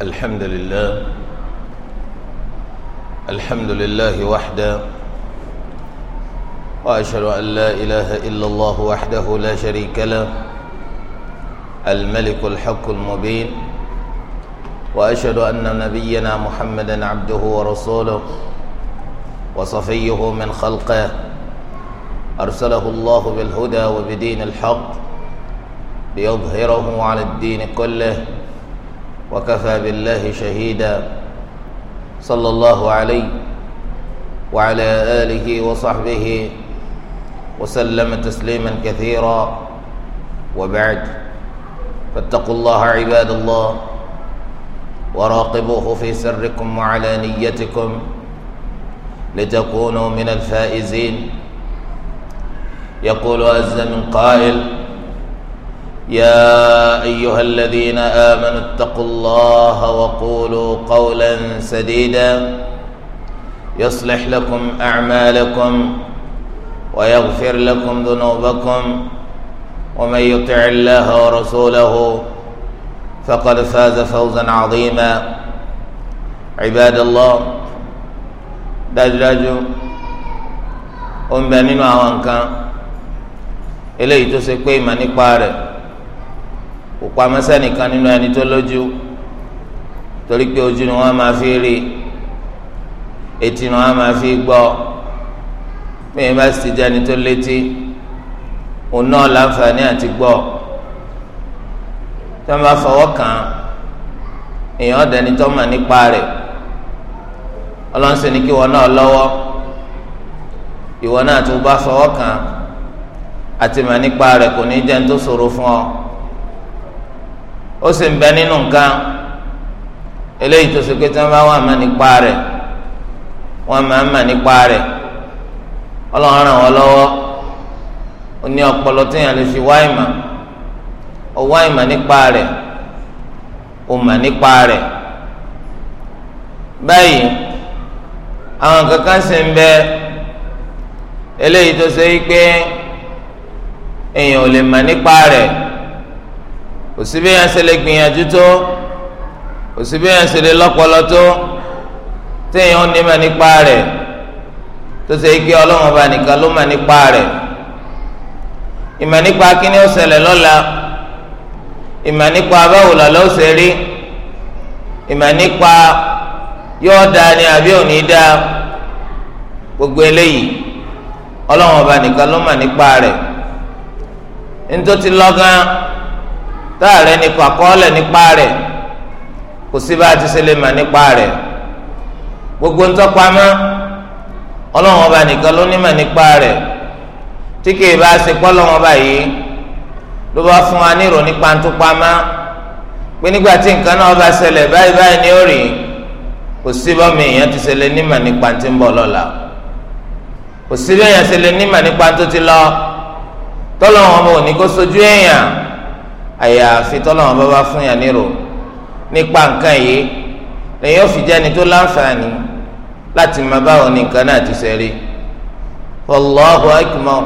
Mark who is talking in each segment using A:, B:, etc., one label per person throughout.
A: الحمد لله الحمد لله وحده وأشهد أن لا إله إلا الله وحده لا شريك له الملك الحق المبين وأشهد أن نبينا محمدا عبده ورسوله وصفيه من خلقه أرسله الله بالهدى وبدين الحق ليظهره على الدين كله وكفى بالله شهيدا صلى الله عليه وعلى آله وصحبه وسلم تسليما كثيرا وبعد فاتقوا الله عباد الله وراقبوه في سركم وعلى نيتكم لتكونوا من الفائزين يقول عز من قائل يا ايها الذين امنوا اتقوا الله وقولوا قولا سديدا يصلح لكم اعمالكم ويغفر لكم ذنوبكم ومن يطع الله ورسوله فقد فاز فوزا عظيما عباد الله دجاج ام ń bẹ اليه تسقي من eléyìí kò pamọ́ nínú ẹni tó lójú torí pé ojú ni wọ́n máa fi rí etí ni wọ́n máa fi gbọ́ bí yẹn bá sì ti jẹ́ ẹni tó létí òun náà láǹfààní àti gbọ́ tí wọ́n bá fọwọ́ kàn án èèyàn dẹni tó mà nípa rẹ̀ ọlọ́sìn ni kí wọn náà lọ́wọ́ ìwọ náà tó bá fọwọ́ kàn án àti mà nípa rẹ̀ kò ní jẹ́ ń tó ṣòro fún ọ ó sì ń bẹ nínú nǹkan eléyìí tó ṣe pé tí wọ́n bá wà má nípa rẹ̀ wọ́n máa ń mà nípa rẹ̀ ọlọ́run ràn wọ́n lọ́wọ́ ó ní ọpọlọ téèyàn lè fi wá ìmọ̀ ó wá ìmọ̀ nípa rẹ̀ ó mà nípa rẹ̀ báyìí àwọn kankan sì ń bẹ eléyìí tó ṣe èèyàn ò lè mà nípa rẹ̀ kò sí bí yẹn ṣe lè gbìyànjú tó kò sí bí yẹn ṣe lè lọ́pọlọ tó téèyàn ní mà nípa rẹ̀ tó ṣe ike ọlọ́run ọba nìkan ló mà nípa rẹ̀ ìmọ̀ nípa kíní ó ṣẹlẹ̀ lọ́la ìmọ̀ nípa báwo lọ́la ó ṣe rí ìmọ̀ nípa yóò dáa ni àbí òní dáa gbogbo eléyìí ọlọ́run ọba nìkan ló mà nípa rẹ̀ nítorí lọ́gán táàrẹ nípa kọ́ọ́lẹ̀ nípa rẹ̀ kò sí bá a ti ṣe lè mà nípa rẹ̀ gbogbo ń tọ́pamọ́ ọlọ́run ọba nìkan ló nímọ̀ nípa rẹ̀ tí kìí bá ṣe pọ́lọ́run ọba yìí ló bá fún wa nírò nípa ń tọ́pamọ́ pé nígbà tí nǹkan náà bá ṣẹlẹ̀ báyìí báyìí ni ó rí kò sí bọ́mi èèyàn ti ṣe lè nímọ̀ nípa tí ń bọ̀ lọ́la kò sí bẹ́ẹ̀ yẹn ṣe lè nímọ̀ nípa tó ti lọ tọ́lọ́run ọba ò ní kó sojú èèyàn àyàfi tọ́lọ́wọ́n bá bá fún yàn nírò nípa nǹkan yìí lẹ́yìn òfin jẹ́ni tó láǹfààní láti máa báwo ni nǹkan náà ti ṣe rí Allahu akbar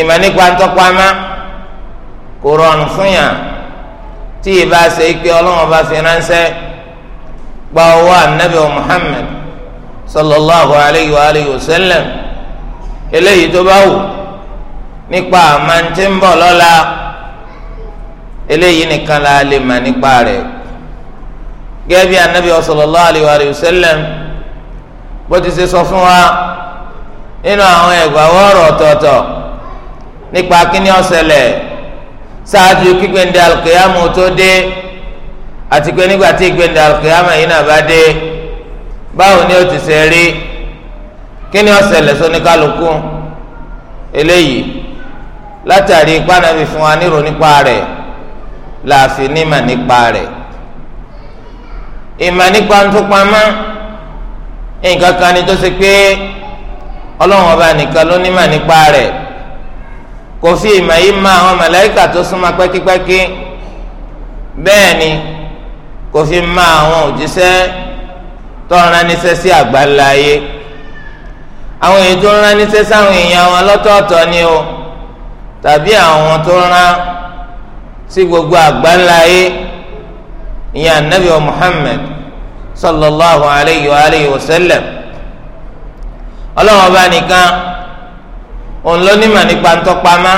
A: ìmọ̀ nípa ntọ́pamá kò rọrùn fún yàn tí ìbá ṣe pé ọlọ́wọ́n bá fi ránṣẹ́ gba ọwọ́ anabi Muhammad sallallahu alayhi wa alayhi wa sallam eléyìí tó bá wù nípa àmàntí ń bọ̀ lọ́la. eléyìí nìkan la lè mà nípa rẹ̀ gẹ́gẹ́ bí anabi sallallahu alayhi wa sallam bó ti ṣe sọ fún wa nínú àwọn ẹ̀gbàwọ́ ọ̀rọ̀ ọtọọtọ nípa kíní ó ṣáájú kí gbẹ̀ndẹ̀ tó dé àti pé nígbà tí gbẹ̀ndẹ̀ alùkìyàmù yìí náà bá dé báwo ni o ti ṣe rí kíní eléyìí látàrí ipá fún wa la fi nímà nípa rẹ̀ ìmà nípa ń tó pamọ́ nǹkan kan ni tó ṣe pé ọlọ́run ọba nìkan ló nímà nípa rẹ̀ kò fi ìmà yìí mọ àwọn màláíkà tó súnmọ́ pẹ́kípẹ́kí bẹ́ẹ̀ ni kò fi mọ àwọn òjíṣẹ́ tó ń rániṣẹ́ sí àgbáńlá àwọn èyí tó ń rániṣẹ́ sáwọn èèyàn wọn lọ́tọ̀ọ̀tọ̀ ni o tàbí àwọn tó ń rán sí gbogbo àgbáńlá yé ìyẹn anabi wa muhammed sallallahu alayhi wa alayhi wa sallam ọlọ́wọ́n bá nìkan òun ló ní ìmọ̀ nípa ntọ́pamá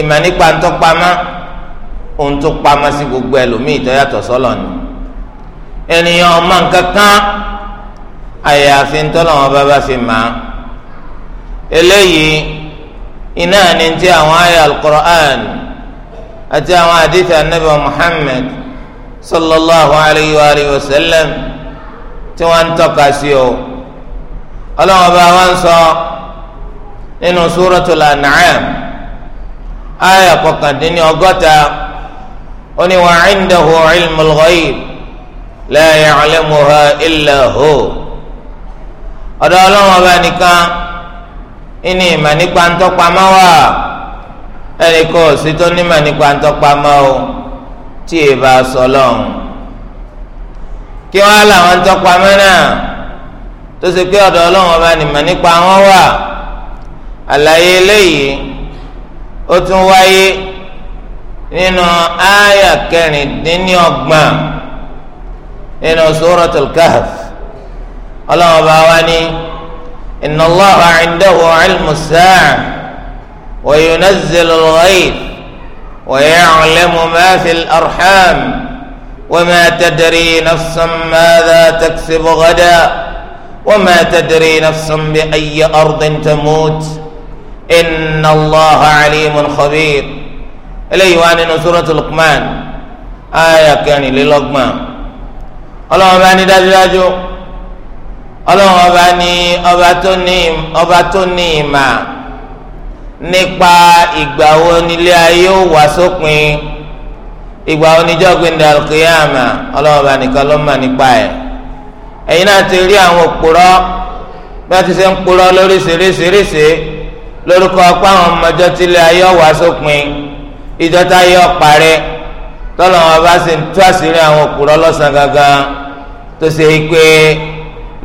A: ìmọ̀ nípa ntọ́pamá òun tó pamá sí gbogbo ẹlòmíì tó yàtọ̀ sọ́lọ̀ ni ènìyàn ọmọ nǹkan kan àyàfi ntọ́lọ́wọ́n bá bá fi mọ̀ á eléyìí iná ni ti àwọn àyà al-Qur'an àti àwọn àdìsí anabi muhammed sallallahu alayhi wa alayhi wa sallam tí wọ́n ń tọ́ka sí o ọlọ́wọ́n bá wọn sọ nínú suratul an'am aya kọkàndínní ọgọ́ta ó ní wa 'indahu 'ilmul ghaib la ya'lamuha illa hu ọ̀dọ̀ ọlọ́wọ́n bá nìkan ìní ìmọ̀ nípa ń tọ́pamọ́ wà ẹnì kan ò sí tó nímọ̀ nípa ntọ́pamọ́ o tí ì bá sọ lọ́hùn kí wọ́n á làwọn ntọ́pamọ́ náà tó ṣe pé ọ̀dọ̀ ọlọ́run ọba nìmọ̀ nípa wọn wà àlàyé eléyìí ó tún wáyé nínú àyà kẹrìndínlọ́gbọ̀n nínú suratul Kahf ọlọ́run ọba wa ní inna Allaha 'indahu 'ilmus وينزل الغيث ويعلم ما في الارحام وما تدري نفس ماذا تكسب غدا وما تدري نفس باي ارض تموت ان الله عليم خبير اليه ان سوره لقمان ايه كان للقمان اللهم اني دجاج اللهم اني اباتني اباتني ما nípa ìgbà wo nílé ayé ó wà sópin ìgbà wo níjọ́ gbẹ̀ndé alkiyama ọlọ́wọ́ bá nìkan ló mà nípa ẹ̀ ẹ̀yin náà ti rí àwọn òpùrọ́ bí wọ́n ti ṣe ń purọ́ lóríṣiríṣiríṣi lórúkọ ọpá àwọn ọmọdé tílé ayé ó wà sópin ìjọta yọ parẹ́ tọ́lọ́wọ́n bá sì ń tú àṣírí àwọn òpùrọ́ lọ́sàn gangan tó ṣe é pé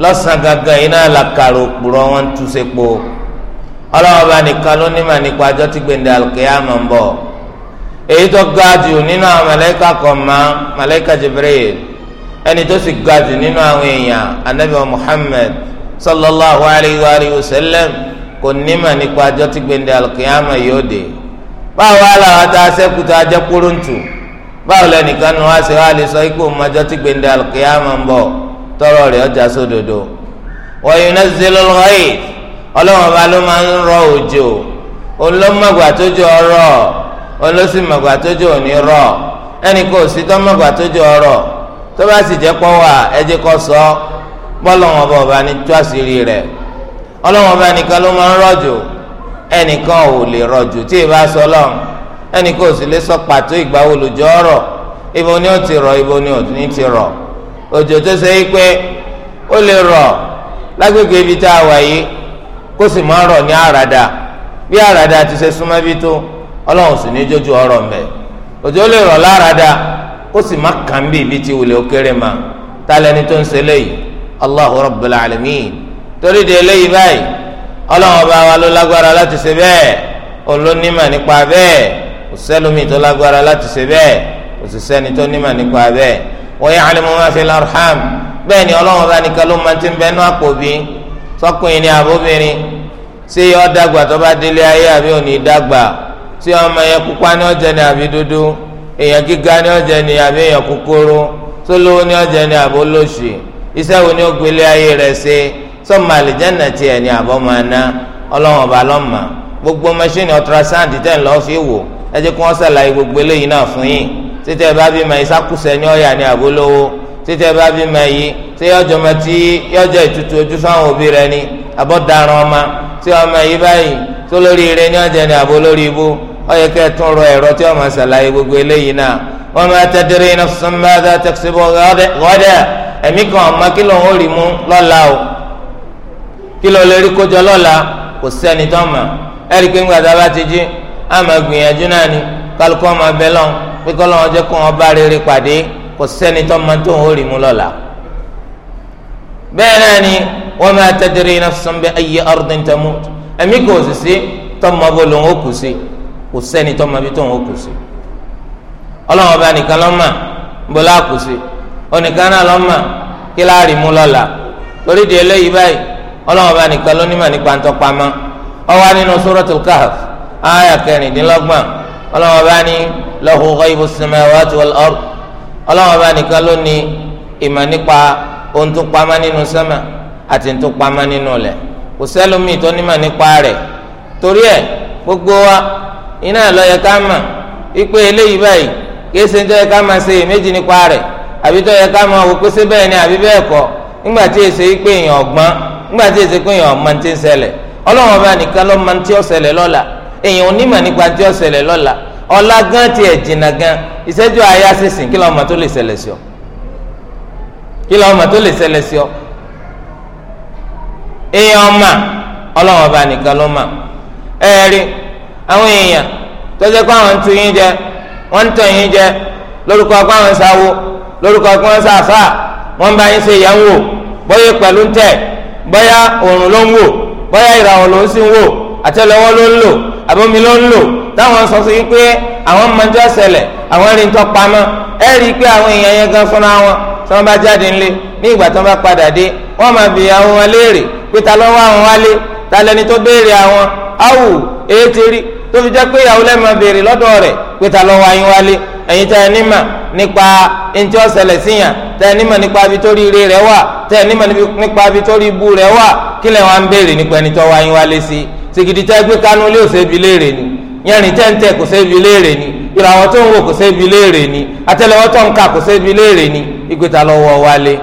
A: lọ́sàn gangan yìí náà làkàrà òpùrọ́ wọn tú sepo ọlọ́wọ́n bá nìkan ló nímọ̀ nípa ọjọ́ tí gbẹ̀ndẹ̀ alùkìyàmọ̀ ń bọ̀ èyí tó ga jù nínú àwọn màláíkà kan ma màláíkà Jibril ẹni tó sì ga jù nínú àwọn èèyàn anabi Muhammad sallallahu alayhi wa alihi sallam kò nímọ̀ nípa ọjọ́ tí gbẹ̀ndẹ̀ alùkìyàmọ̀ yóò dé báwo wá làwọn tá a sẹ́kùtà jẹ́ kúrúntù báwo lẹ́nìkan nu wá sí wa lè sọ ikú ọmọjọ́ tí gbẹ̀ndẹ̀ alùkìyàmọ̀ ń bọ̀ tọrọ rẹ̀ ọjà sódodo wa yunazzilul ọlọ́wọ́n ọba ló máa ń rọ òjò olómọ̀gbà tójú ọrọ̀ olóṣìmọ̀gbà tójú òní rọ̀ ẹnì kò sí tọ́mọ̀gbà tójú ọrọ̀ tó bá sì jẹ́ pọ́ wà ẹjẹ́ kọ́ sọ bọ́lọ́wọ́n ọba ọba ní tó àṣírí rẹ̀ ọlọ́wọ́n ọba nìkan ló máa ń rọ̀jò ẹnìkan ò lè rọ̀jò tí ì bá sọ lọ́n ẹnì kò sì lè sọ pàtó ìgbà wo ọrọ̀ ibo ní ti lágbègbè ibi tá a wà yìí kó sì máa rọ̀ ní àràdà bí àràdà ti ṣe súnmọ́ bí tó ọlọ́run sì ní jójú ọ̀rọ̀ mbẹ́ òjò lè rọ̀ láràdà kó sì má kàn bí ibi tí wulẹ̀ òkèrè mà tálẹ́ni tó ń ṣe léyìí Allahu Rabbul Alamin torí de léyìí báyìí ọlọ́run ọba wa ló lágbára láti ṣe bẹ́ẹ̀ olónímà nípa bẹ́ẹ̀ òṣèlúmi tó lágbára láti ṣe bẹ́ẹ̀ òṣìṣẹ́ni tó nímà nípa bẹ́ẹ̀ wa ya'lamu ma fil arham bẹ́ẹ̀ ni ọlọ́run ọba nìkan ló máa ti ń bẹ́ẹ̀ nú àpò bíi sọkùnrin ni àbóbìnrin ṣé yọ dàgbà tó bá délé ayé àbí òní dàgbà ṣé ọmọ yẹn pupa ní ọjẹ ni àbí dúdú èèyàn gíga ní ọjẹ ni àbí èèyàn kúkúrú tó lówó ní ọjẹ ni àbó lòṣì iṣẹ́ wo ni ó gbélé ayé rẹ̀ ṣe sọ́mọ àlìjẹ́nà tiẹ̀ ni àbọ̀ máa ná ọlọ́wọ́n ọba lọ́mọ gbogbo mẹṣíìnì ultrasound tẹ̀ ń lọ́ọ́ fi wò ẹ jẹ́ kí wọ́n ṣàlàyé gbogbo eléyìí náà fún yín títẹ̀ bá bí ma ìsákùsẹ̀ ní ọ̀yà ni àbólówó títẹ̀ bá bí ma ṣé ọjọ́ ma ti yọjọ́ ìtutù ojú fáwọn òbí rẹ ni abọ́daràn ọma tí ọmọ yìí báyìí tó lórí ire ní ọjà ni àbó lórí ibú ó yẹ kẹ́ tún rọ ẹ̀rọ tí ọmọ ṣàlàyé gbogbo eléyìí náà wa ma tadri nafsun madha taksibu ghadan ẹ̀mí kan ọ̀ma kí ló ń rí mú lọ́la o kí ló lè rí kójọ lọ́la kò sẹ́ni tó mà ẹ̀rí pé ńgbàdá bá ti jí àmọ́ gbìyànjú náà ni kálukọ́ ọmọ abẹ́lọ́ pé kọ́ lọ́wọ́ kó wọn bá rere pàdé kò sẹ́ni tó mà tó ń rí mú lọ́la bẹ́ẹ̀ náà ni wa ma tadri nafsun bi ayyi ardin tamut ẹ̀mí kò sì sí tọ́mọ bó lòun ó kù sí kò sẹ́ni tọ́mọ bí tóun ó kù sí ọlọ́wọ́n bá nìkan lọ́mà bọ́lá kù sí onìkan náà lọ́mà kí láàrin mú lọ́la torí di eléyìí báyìí ọlọ́wọ́n bá nìkan lónímọ̀ nípa ntọ́pamọ́ ọwọ́ nínú suratul kahf ayà kẹrìndínlọ́gbọ̀n ọlọ́wọ́n bá ohun tó pamọ́ nínú sẹ́mà àti ohun pama nínú ilẹ̀ kò sẹ́lómi tó nímọ̀ nípa rẹ̀ torí ẹ̀ gbogbo wa iná lọ́yẹ ká mà ipe eléyìí báyìí kìí ṣe tó ká máa ṣe èméjì nípa rẹ̀ àbí tó ká wò bẹ́ẹ̀ ni àbí bẹ́ẹ̀ kọ́ èsè ipe èèyàn ọ̀gbọ́n èsè èèyàn ọ̀gbọ́n ti ń ṣẹlẹ̀ ọlọ́wọ́n bá nìkan lọ́la èèyàn onímọ̀ nípa ti lọ́la ìṣẹ́jú kí lọ́wọ́ mà tó lè ṣẹlẹ̀ sí ọ èèyàn ọmọ ọlọ́wọ́ bá nìkan ló mà ẹ rí àwọn èèyàn tọ́jú pé àwọn ń tu yín jẹ wọ́n ń tàn yín jẹ lórúkọ pé àwọn ń sáwó lórúkọ pé wọ́n ń sáfà wọ́n ń bá yín ṣe ìyàwó bóyá pẹ̀lú ń tẹ̀ bóyá òòrùn ló ń wò bóyá ìràwọ̀ ló ń sìn wò ló ń lò ló ń lò táwọn sọ sí pé tí wọ́n bá jáde ńlé ní ìgbà tí wọ́n bá padà dé wọ́n máa bi àwọn wọn léèrè pé ta ló wá àwọn wálé ta lẹni tó béèrè àwọn awù ètèrí tó fi jẹ́ pé ìyàwó lẹ́ẹ̀ máa béèrè lọ́dọ̀ rẹ̀ pé ta ló wá yín wálé ẹ̀yin tẹ́ ẹ nímà nípa ntí ó ṣẹlẹ̀ síyàn tẹ́ ẹ nímà nípa ibi tó rí ire rẹ̀ wà tẹ́ ẹ nímà nípa ibi tó rí ibu rẹ̀ wà kí lẹ́ wá béèrè nípa ẹni tó wá yín wálé sí sìgìdì tẹ́ gbé kánú lé òṣèbí léèrè ni yẹrin tẹ́ǹtẹ́ kò ṣèbí léèrè ni ìràwọ̀ tó ń wò kò ṣèbí léèrè ni àtẹ́lẹwọ́ tó ń kà kò ṣèbí léèrè ni igwe ta lọ́wọ́ wálé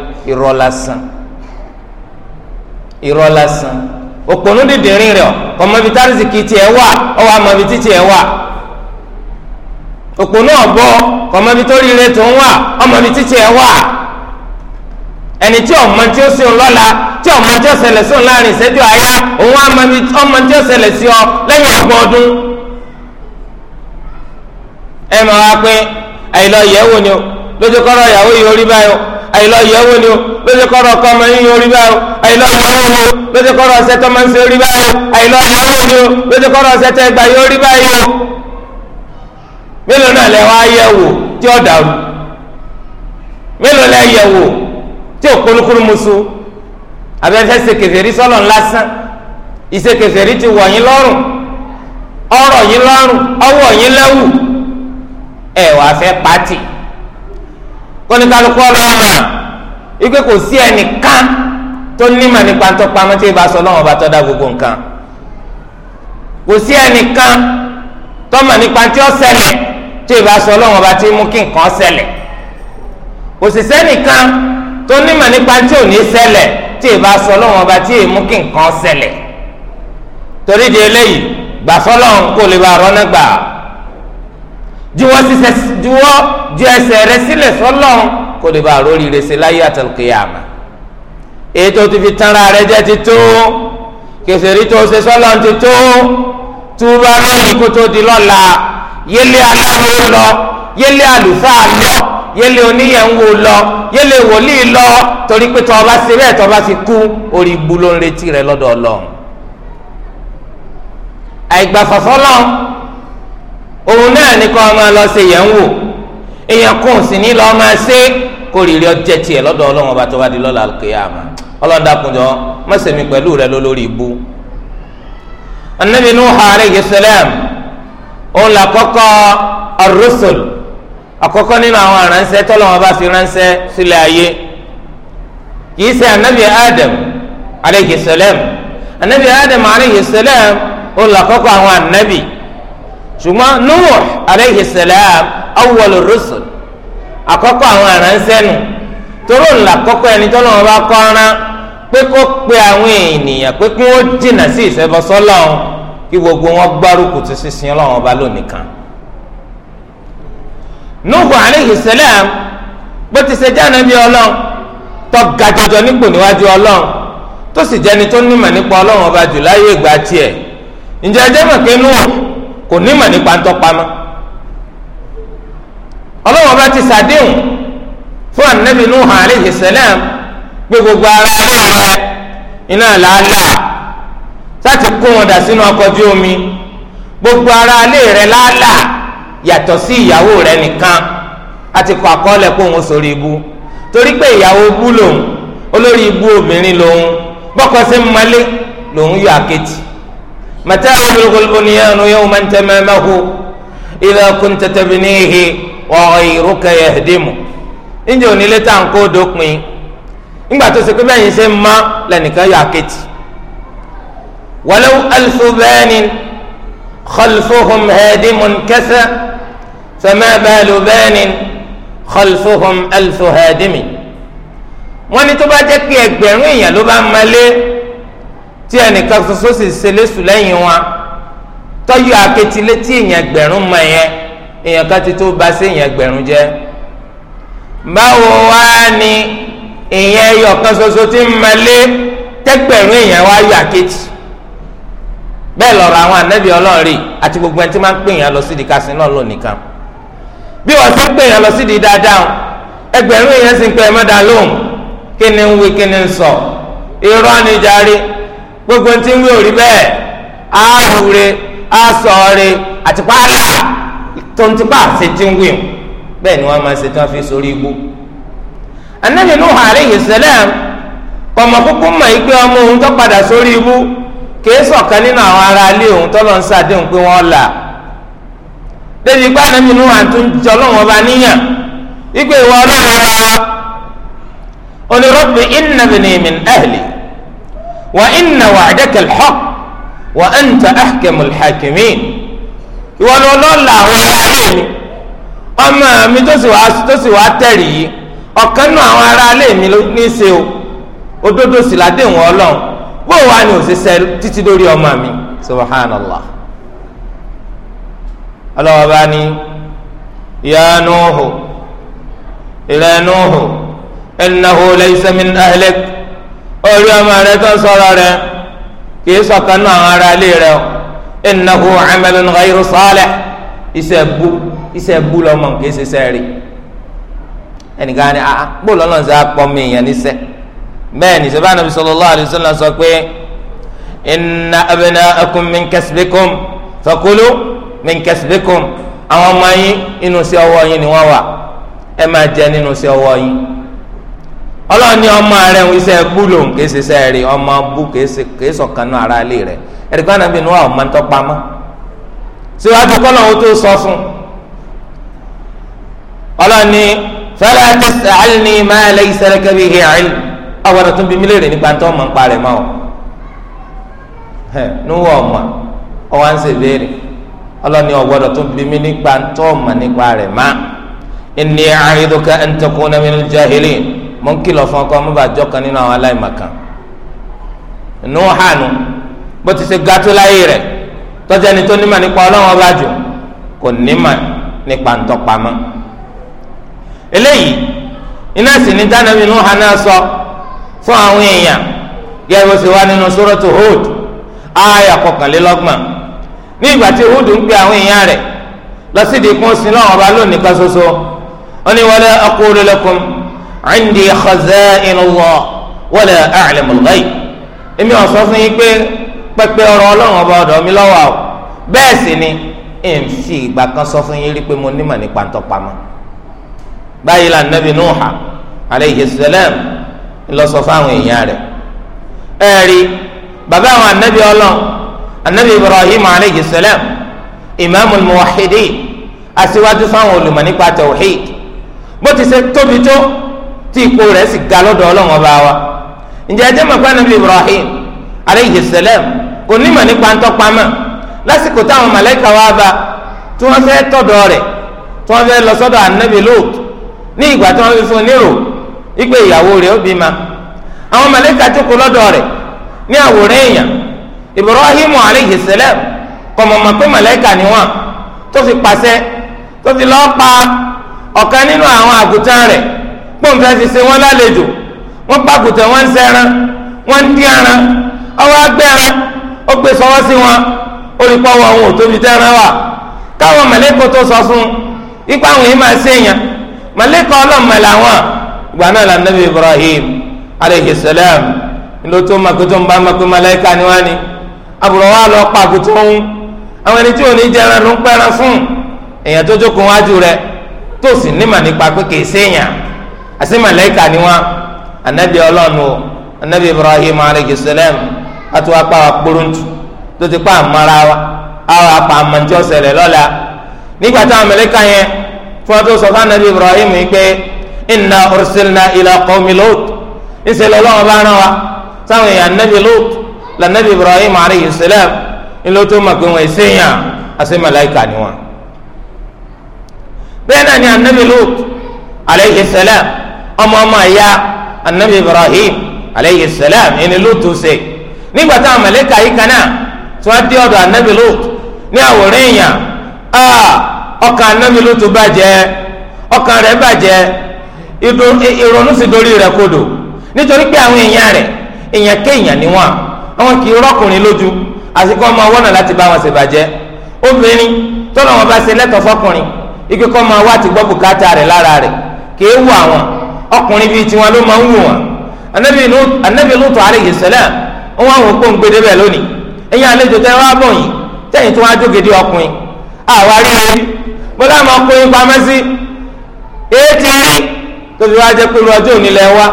A: irọ́ lásán òpònú dìde rẹ̀ ọmọbi tárísìkì tiẹ̀ wà ọwọ́ amọbi títì ẹ̀ wà òpònú ọ̀bọ ọmọbi tó rí ire ń wà ọmọbi ẹ̀ wà ẹni tí ọmọ tí ó sì ń lọ́la tí ọmọ tí ó sí láàrin ìṣẹ́jú àyà òun ọmọ tí ó ṣẹlẹ̀ sí ọ lẹ́yìn ọgbọ̀n ọdún ẹ máa wá pé ni o. lójú kọ́rọ̀ ìyàwó yìí orí báyọ̀ àìlọ ìyàwó ni o lójú kọ́rọ̀ ọkọ ọmọ yìí orí báyọ̀ àìlọ ìyàwó ni o lójú kọ́rọ̀ ọ̀sẹ̀ tó máa ń ṣe orí báyọ̀ àìlọ ìyàwó ni o lójú kọ́rọ̀ ọ̀sẹ̀ tó ẹgbà yìí orí báyọ̀ o. mélòó náà lẹ wá yẹ̀ wò tí ó dàrú mélòó lẹ yẹ̀ wò tí ò kúlukúlu musu abẹ́fẹ́ ṣe kèfèrí sọ́lọ̀ lásán ìṣe kèfèrí ti wọ̀ yín lọ́rùn ọ̀rọ̀ yín lọ́rùn ọwọ́ yín lẹ́wù ẹ̀ wàá fẹ́ pátì kọ́nìkálukú ọlọ́ọ̀mà igbe kò sí ẹnìkan tó nímọ̀ nípa ń tọpamọ́ tí ìbá sọ lọ́wọ́ bá tọ́da gbogbo nǹkan kò sí ẹnìkan tọ́mọ̀ nípa tí ó ṣẹlẹ̀ tí ìbá sọ lọ́wọ́ bá ti mú kí nǹkan ṣẹlẹ̀ kò sì sẹ́nìkan tó nímọ̀ nípa tí ò ní ṣẹlẹ̀ tí ìbá sọ lọ́wọ́ bá ti mú kí nǹkan ṣẹlẹ̀ torí di eléyìí gbà sọ́lọ́ọ̀ lè bá rọ́nà gbà juwọ́ ju ẹsẹ̀ rẹ sílẹ̀ sọ́lọ́run kó lè bá àrò rire ṣe láyé àtàlùkìyàmà ètò ti fi tanra rẹ jẹ ti tó kẹsìrì tó ṣe sọ́lọ́run ti tó túbà lónìí kó tó di lọ́la yẹlẹ aláwo lọ yẹlẹ àlùfáà lọ yẹlẹ oníyẹ̀wò lọ yẹlẹ wòlíì lọ torí pé tọ́ ọba ṣe bẹ́ẹ̀ tọ́ ọba ṣe kú orí gbú ló ń retí rẹ lọ́dọ̀ ọlọ́run òun náà ní kọ́ máa lọ ṣe yẹn ń wò èèyàn kò sì ní lọ́ọ́ máa ṣe kó rírì ọjẹ́ tiẹ̀ lọ́dọ̀ ọlọ́run ọba tó bá di lọ́la al-qiyama ọlọ́dàkùnjọ mọ̀sẹ̀mí pẹ̀lú rẹ lólórí ibú. anabi nuhu alayhi salam òun là kọ́kọ́ ar àkọ́kọ́ nínú àwọn aránṣẹ́ tọ́lọ́wọ́n bá fi ránṣẹ́ sílẹ̀ ayé kìí ṣe anabi adam alayhi salam anabi adam alayhi salam òun là kọ́kọ́ àwọn anabi. ṣùgbọ́n nuhu aleyhi salam awwal rusul àkọ́kọ́ àwọn aránṣẹ́ nu toró ńlá ẹni tó bá kọ́ pe àwọn ènìyàn pé o ji sí ìṣẹ́bọsọ́lọ́ kí gbogbo wọn gbárùkù ti ọba lónìí kan nuhu salam bó ti ṣe jẹ́ nípò níwájú tó sì tó ọba jù láyé kò nímọ̀ nípa ntọ́pamọ́ ọlọ́wọ́n bá ti sàdéhùn fún anabi nuhu alayhi salam gbé gbogbo ara rẹ̀ iná làálà sáti kó wọn dà sínú ọkọ̀ ojú omi gbogbo ara alé rẹ̀ làálà yàtọ̀ sí ìyàwó rẹ̀ nìkan àti kọ àkọọ́lẹ̀ kó wọn sọ̀rọ̀ ibu torí pé ìyàwó bú lòun olórí ibu obìnrin lòun bọ́kọ sí mmalé lòun yọ àkejì متى يبلغ البنيان يوما تمامه إذا كنت تبنيه وغيرك يهدمه níjẹ́ òní létà ń kó dópin ńgbà tó ṣe pé bẹ́ẹ̀ yìí ṣe ń mọ́ lẹ́nìkan yọ àkẹ́tì walaw alfu banin khalfuhum hadimun kasa fama balu banin khalfuhum alfu hadimin wọ́n ní tó bá jẹ́ pé ẹgbẹ̀rún èèyàn ló bá ń malé tí ẹnìkan ṣoṣo sì ṣe léṣù lẹ́yìn wọn tọ́jú akétílé tí èèyàn gbẹ̀rún mọ yẹn èèyàn kan ti tó ba sí èèyàn gbẹ̀rún jẹ́ báwo wá ni èèyàn ẹyọ kan ti ń tẹ́gbẹ̀rún èèyàn wá yọ bẹ́ẹ̀ lọ́rọ̀ àwọn ọlọ́ọ̀rì àti gbogbo ẹni tí máa ń pè yàn lọ kan bí wọ́n ti pè yàn lọ dáadáa ẹgbẹ̀rún èèyàn sì ń gbogbo ntí ń wí òrí bẹ́ẹ̀ á rure á sọ̀ọ́re àti pààlà tontipa bẹ́ẹ̀ ni wọ́n máa fi sórí igbó. anabi nuhu alayhi salam kọmọ kúkú mọ̀ yìí pé ọmọ òun tó padà sórí igbó kìí sọ̀kan nínú àwọn ará ilé òun tó lọ ṣàdéhùn pé wọ́n là débi bá níyàn ìwọ wa inna wa'daka al-haq wa anta ahkamul hakimin ìwọ ló lọ́la àwọn ará ilé mi ọmọ mi tó sì wá tó sì wá tẹ̀rì yìí ọ̀kan náà àwọn ará ilé mi ní í ṣe o òdodo sì ládéhùn ọlọ́run bó wà ní òṣìṣẹ́ títí lórí ọmọ mi subhanallah ọlọ́wọ́ bá ní ya Nuhu ila Nuhu innahu laysa min ahlik orí ọmọ rẹ tó ń sọ̀rọ̀ rẹ kì í sọ̀kan náà àwọn ará ilé rẹ o innahu amalun ghayru salih iṣẹ́ bu iṣẹ́ bu lọ́mọ kì í ṣe sẹ́ẹ̀rì ẹnìkan ni ah bó lọ́nà ṣe apọ̀ mi ìyẹn níṣẹ́ bẹ́ẹ̀ ni sọ́ba anabi sallallahu alaihi sọ pé inna abna'akum min kasbikum fakulu min kasbikum àwọn ọmọ yín inú sí ọwọ́ yín ni wọ́n wà ẹ máa jẹ nínú sí ọwọ́ yín ọlọ́ọ̀ni ọmọ rẹ̀ ń iṣẹ́ bú lòun kìí ṣe iṣẹ́ rẹ̀ ọmọ bú kìí sọ̀kanú ara ilé rẹ̀ ẹ̀ríkọ́ náà bí níwá ọmọ tó pamọ́ síwájú kọ́nà ó tó sọ fún ọlọ́ọ̀ni fala tas'alni ma laysa laka bihi ilm àwọn ọ̀dọ̀ tó ń bí mílíọ̀nù nípa tó ọmọ ń parẹ́ mọ́ ọ níwọ̀ ọmọ ọwọ́ ń ṣe béèrè ọlọ́ọ̀ni ọ̀gbọ́dọ̀ tó ń bí mí nípa tó ọmọ nípa rẹ̀ má inni a'iduka an takuna minal jahilin mo ń kìlọ̀ fún ọkọ mo bá jọ kan nínú àwọn aláìmọ̀kan nuhanu bó ti ṣe tó láyé rẹ tọ́jú ẹni tó nímọ̀ nípa ọlọ́run ọba jù kò nímọ̀ nípa ntọ́pamọ́ eléyìí iná sì ní dánàbí sọ fún àwọn èèyàn gẹ́gẹ́ bó ṣe wá nínú ní ìgbà tí ń àwọn èèyàn lọ sídìí kún sí ọba lónìí kan ṣoṣo indi khaza'inullah wala a'lamul ghaib èmi ò sọ fún yín pé pẹpẹ ọ̀rọ̀ Ọlọ́run ọba ọ̀dọ̀ mi lọ́wọ́ o bẹ́ẹ̀ sì ni n fi ìgbà kan sọ fún yín rí pé mo nímọ̀ nípa ntọpamọ báyìí la nabi nuuha aleyhi salam lọ sọ fáwọn èèyàn rẹ̀ ẹ rí bàbá àwọn anabi Ọlọ́run anabi ibrahim aleyhi salam imaamu muwahidi aṣíwájú fáwọn olùmọ̀ nípa tawhid bó ti ṣe tóbi tó tí ipò rẹ̀ sì ga lọ́dọ̀ ọlọ́run ọba wa ǹjẹ́ ẹ jẹ́ mọ̀ pé anabi ibrahim aleyhi salam kò nímọ̀ nípa ntọ́pamọ́ lásìkò táwọn màláíkà wá bá tí wọ́n fẹ́ tọ̀dọ̀ rẹ̀ tí wọ́n fẹ́ lọ sọ́dọ̀ anabi lot ní ìgbà tí wọ́n fi fún nírò ìgbé ìyàwó rẹ̀ ó bímọ àwọn màláíkà jókòó lọ́dọ̀ rẹ̀ ní àwòrán èèyàn ibrahim aleyhi salam kọ̀mọ̀ mọ̀ pé màláíkà ni wọ́n tó fi pàṣẹ tó fi lọ́ọ́ pa ọ̀kan nínú àwọn àgùntàn rẹ̀ pọ́ǹfẹ́ fi se wọ́n lálejò wọn pàkùtẹ̀ wọ́n ń sẹ́ran wọ́n ń dín ẹran ọwọ́ agbẹ́ran ó gbé sọwọ́ sí wọn olùkọ́wọ́ àwọn òtóbi tẹ́ran wà káwọn mẹ̀lẹ́kọ̀ tó sọ fún ipa àwọn yìí máa ṣe èèyàn mẹ̀lẹ́kọ̀ ọlọ́mọ làwọn ìgbà náà Ibrahim aleyhi salam makoto wa lọ àwọn ẹni tí ò ní ló ń fún èèyàn tó jókòó wájú àti màláìkà ni wọn anabi ọlọ́nu anabi ibrahim alayhi salam àti wọn pa wà kpóróntù tó ti pa àmàrà wa àwọn apá àmàntí ọ̀sẹ̀lẹ̀ lọ́la nígbà táwọn màláìkà yẹn fún wọn tó sọ fún anabi ibrahim yìí pé inna ursilna ila qawmi lut ìṣẹ̀lẹ̀ ọlọ́wọ́n bá rán wa sáwọn èèyàn anabi lut lànàbi ibrahim alayhi salam ńlọ tó mọ̀ pé wọ́n ni wọn bẹ́ẹ̀ náà ni anabi lut alayhi ọmọ ọmọ ẹ̀yà anabi ibrahim aleyhi salam ẹni lóòótọ́ ṣe nígbà táwọn mẹlẹ́kà yìí kan náà tí wọ́n dé ọ̀dọ̀ anabi lóòótọ́ ní àwòrán èèyàn ọkàn anabi lóòótọ́ bàjẹ́ ọkàn rẹ̀ bàjẹ́ ìrònú sì dorí rẹ̀ kodò nítorí pé àwọn èèyàn rẹ̀ èèyàn kéèyàn ni wọ́n àwọn kì í rọ́kùnrin lójú àsìkò ọmọ wọ́nà láti bá wọn ṣèbàjẹ́ obìnrin tọ́nà wọn bá ṣe lẹ́tọ̀ọ́ fọkùnrin ike kọ́ máa wá ti gbọ́ bùkátà rẹ̀ lára rẹ̀ kì í wù àwọn ọkùnrin bíi tiwọn ló máa ń wù wọn anabi lutu aleyhi salam wọn wá wọn kó ń gbé débẹ̀ lónìí ẹ̀yin àlejò tẹ wá bọ̀ yìí tẹ̀yìn tí wọn ajógede ọkùnrin àwa rí rí bọlá àwọn ọkùnrin pamẹ́ sí ètí rí tóbi wá jẹ pé lọ́jọ́ onílẹ̀ wa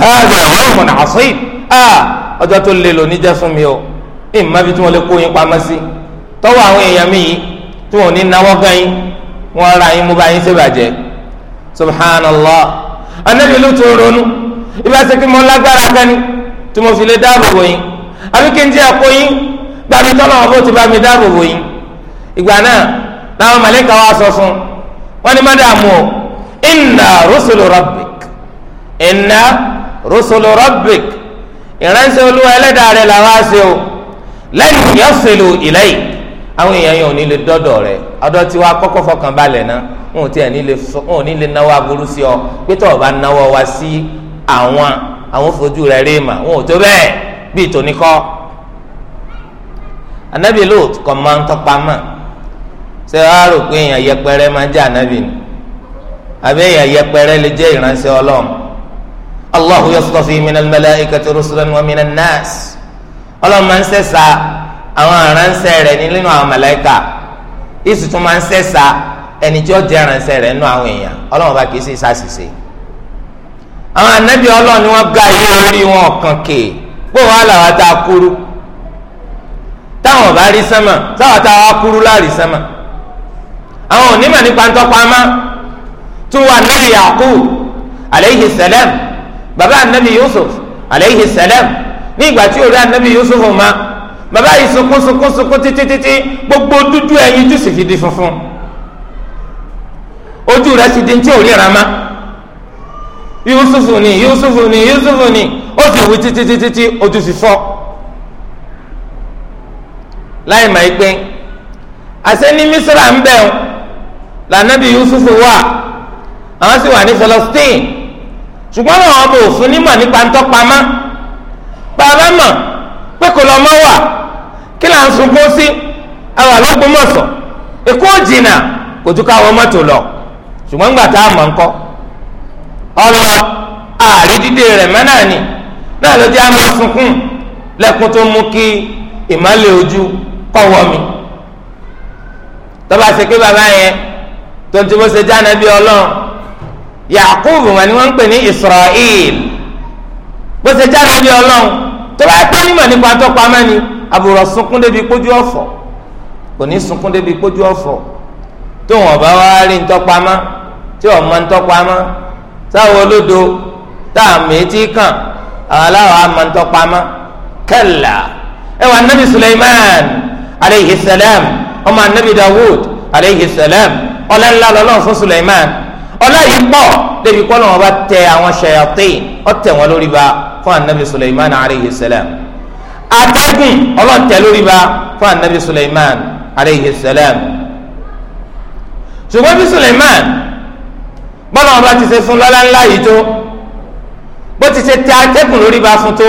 A: hàdà ọ̀hún àṣìb ọjọ́ tó lè lò níjẹ́ fún mi o ìmọ̀ bí tí wọ́n lè kó yín pamẹ́ sí tọ́wọ́ àwọn èèyàn mi yìí tí wọ́n ní náwó gan yín wọ́n ra yín mú bá yín ṣèbàjẹ́ subhanallah anabi ló tún ronú ibà ṣe kí mo lágbára gani tí mo fi lè dáàbò bò yín àbí kí n jẹ́ ẹ̀kọ́ yín gbàmí tọ́lọ̀ wọn bó ti bá mi dáàbò bò yín ìgbà náà làwọn màlẹ́kà wa sọ fún wọn ni mádàmú o inna rusulu rabbik inna rusulu rabbik ìránṣẹ́ olúwa ẹlẹ́dàá rẹ̀ làwọn á o lẹ́yìn yọ́sẹ̀lù ìlẹ́yìn àwọn èèyàn yẹn ò ní lè dọ́dọ̀ rẹ̀ ọ̀dọ̀ tiwa kọ́kọ́ fọkàn balẹ̀ náà wọn ò tiẹ̀ nílé sọ wọn ò nílé náwó aburú sí ọ pé tọ́ ọ bá náwó wa sí àwọn àwọn fojú rẹ̀ rí mà wọn ò tó bẹ́ẹ̀ bíi tòní kọ́ anabi Lut kọ́ máa ń tọ́pa mà ṣé wàá rò pé èèyàn yẹpẹrẹ máa jẹ́ anabi ni àbí èèyàn yẹpẹrẹ lè jẹ́ ìránṣẹ́ ọlọ́run allahu yastafi minal malaikati rusulan wa minan nas ọlọ́run máa ń ṣẹ̀ṣà àwọn aránṣẹ́ rẹ̀ nínú àwọn màláíkà ìsùtún máa ń ṣẹ̀ṣà ẹni tí ó jẹ́ aránṣẹ́ rẹ̀ nínú àwọn èèyàn ọlọ́run bá kì í sì ṣàṣìṣe àwọn ànábì ọlọ́run ni wọ́n ga ìwé orí wọn kàn kè pé wọ́n làwọn tá a kúrú táwọn bá rí sánmà táwọn tá a kúrú láàrí sánmà àwọn onímọ̀ nípa ntọ́pamọ́ tún wà ànábì Yaqub aleyhi salam Baba ànábì Yusuf aleyhi salam ní ìgbà tí orí ànábì Yusuf ma bàbá yìí sunkún sunkún sunkún títí títí gbogbo dúdú ẹyin tó sì fi di funfun. ojú rẹ ti di ní tí ò ma yusufu ni yusufu ni yusufu ni ó sì wí títí títí tí ojú sì láì máa gbé àṣẹ ní misra ń bẹ̀ lànàbí yusufu wà àwọn sì wà ní Palestine ṣùgbọ́n àwọn ọmọ òfin nímọ̀ nípa ń tọ́pamọ́ pàrámọ̀ pé kò lọ́mọ wà kí là ń sunkún sí àwọn àlọ́gbọ́mọ̀sọ̀ èkó jìnnà kò ju káwọn mọ́tò lọ. ṣùgbọ́n gbà tá a mọ̀ ńkọ́ ọlọ ààrí dídé rẹ̀ mẹ́nà ni náà ló jẹ́ àmọ́ sunkún lẹ́kún tó mú kí ìmọ̀lẹ̀ ojú kọ́ wọ́ mi tọ́ba ṣe pé bàbá yẹn tó ń ti bó ṣe jáde bí ọlọ́run Yakubu wọn ni wọ́n ń pè ní Israel bó ṣe jáde bí ọlọ́run tó bá pẹ́ nímọ̀ nípa tó pamọ́ ni àbúrò sunkún débi kójú ọ̀fọ̀ kò ní sunkún débi kójú ọ̀fọ̀ tó wọn bá wá rí ń tọ́pamọ́ tí ọmọ ń tọpamọ́ sáwọn olódo tá a mètí kàn àwọn aláwọ̀ àmọ́ ń tọpamọ́ kẹlà ẹ wà nabi Sulaiman aleyhi salam ọmọ anabi Dawud aleyhi salam ọlá ńlá lọ́lọ́run fún Sulaiman ọlá yìí pọ̀ débi kọ́nà wọn bá tẹ àwọn ṣayatin ọ̀tẹ̀ wọn lórí ba fún anabi Sulaiman aleyhi salam atẹ́gùn ọlọ́tẹ̀ lórí ba fún anabi Sulaiman aleyhi salam ṣùgbọ́n bí Sulaiman bọ́lá wọn bá ti ṣe fún lọ́lá ńlá yìí tó bó ti ṣe tẹ atẹ́gùn lórí ba fún tó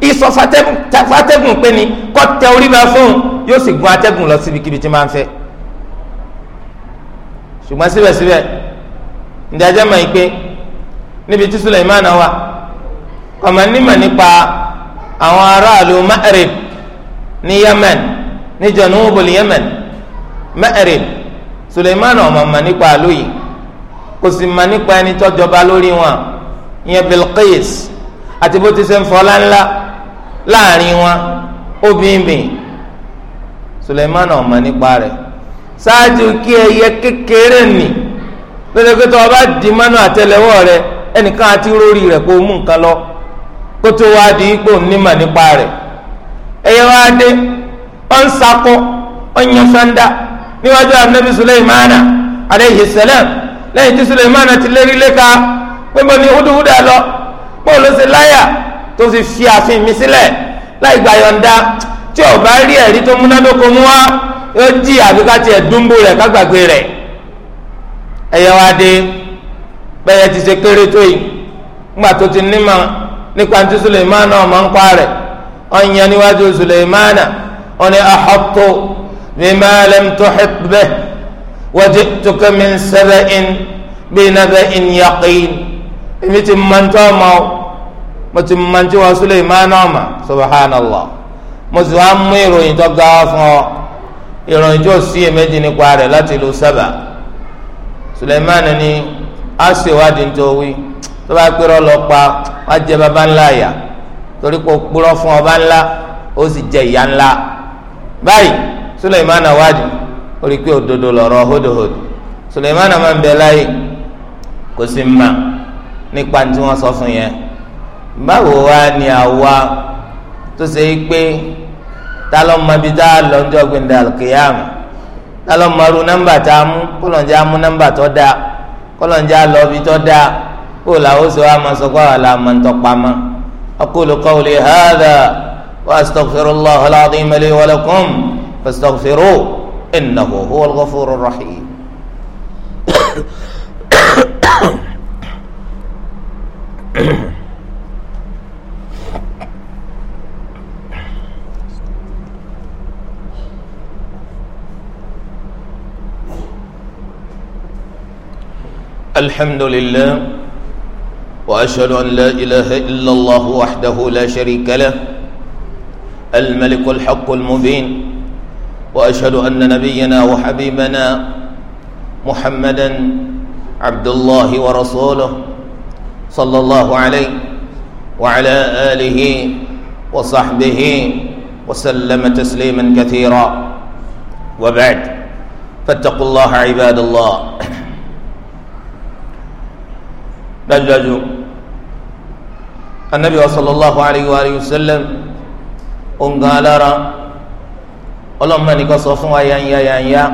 A: ìsọ fatẹ́gùn pé ni kọ́ tẹ orí ba fún yóò sì gun atẹ́gùn lọ síbikíbi tí máa ń fẹ́ ṣùgbọ́n síbẹ̀síbẹ̀ ǹdíjájá máa ń pé níbi tí Suleiman wà kọ̀mọ̀ nímọ̀ nípa àwọn aráàlú Ma'rib ní Yemen ní Janubul Yemen Ma'rib Suleiman ọ̀mọ̀mọ̀ nípa àlóyìn kò sì mà nípa ẹni tó jọba lórí wọn ìyẹn Bilqis àti bó ti ṣe ń fọlá ńlá láàrin wọn obìnrin Suleiman ò mà nípa rẹ̀ ṣáájú kí ẹyẹ kékeré nì lórí pé tó o bá di mánú àtẹ́lẹwọ́ rẹ̀ ẹnìkan àti rórí rẹ̀ kó o mú nǹkan lọ kó tó wá di ipò nímọ̀ nípa rẹ̀ ẹyẹ wá dé ọ̀ ń sakọ ọ̀ ń yan sanda níwájú anabi Suleimana aleyhi salam lẹ́yìn tí suleimana ti lérí léka pé mo ní húdúhúdú ẹ lọ bóun ló ṣe láyà tó fi fi ààfin mi sílẹ̀ láì gba yọ̀ǹda tí ò bá rí ẹ̀rí tó múnádóko mú wá yóò jí àbíká tiẹ̀ dúnbò rẹ̀ kágbàgbé rẹ̀ ẹ̀yẹ wa dé bẹ́ẹ̀ ti ṣe kéré tó yìí ńgbà tó ti nímọ̀ nípa tí suleimana ọmọ ń pa rẹ̀ ọ̀nyẹ́ níwájú suleimana ọ̀ni ahọ́tò bímá lẹ́mtọ́ hẹ́pẹ́ bẹ́ẹ̀. وجئتك من سبأ بنبأ يقين èmi ti mọ̀ ntọ́ ọmọ o mo ti mọ̀ ntí wọn Suleiman ọmọ subhanallah mo sì wá mú ìròyìn tó ga wá fún ọ ìròyìn tó sí èméjì nípa rẹ̀ láti ìlú Sábà Suleiman ni a ṣèwádìí nítorí tó bá pé rọ́ wá jẹ baba ńlá yà torí kò kúrọ́ fún ọba ńlá ó sì jẹ ìyá ńlá báyìí Suleiman wádìí orí pé òdodo lọ̀rọ̀ hódòhód Suleiman máa ń bẹ láyé kò sì mà nípa tí wọ́n sọ fún yẹn báwo wá ni àwa tó ṣe é pé ta ló mọ ibi tá a lọ ọjọ́ gbẹ̀ndẹ̀ alkiyam ta ló mọ irú nọ́mbà tá a mú kọ́lọ́njẹ́ a mú nọ́mbà tó dáa kọ́lọ́njẹ́ a lọ ibi tó dáa kó o làwọn sọ sọ kó o la máa ń tọpa ma aqulu qawli hadha wa astaghfirullaha al-azim li إنه هو الغفور الرحيم الحمد لله واشهد ان لا اله الا الله وحده لا شريك له الملك الحق المبين واشهد ان نبينا وحبيبنا محمدا عبد الله ورسوله صلى الله عليه وعلى اله وصحبه وسلم تسليما كثيرا وبعد فاتقوا الله عباد الله دجاجو النبي صلى الله عليه واله وسلم ان قال ọlọ́mọ nìkan sọ fún wa yanya yanya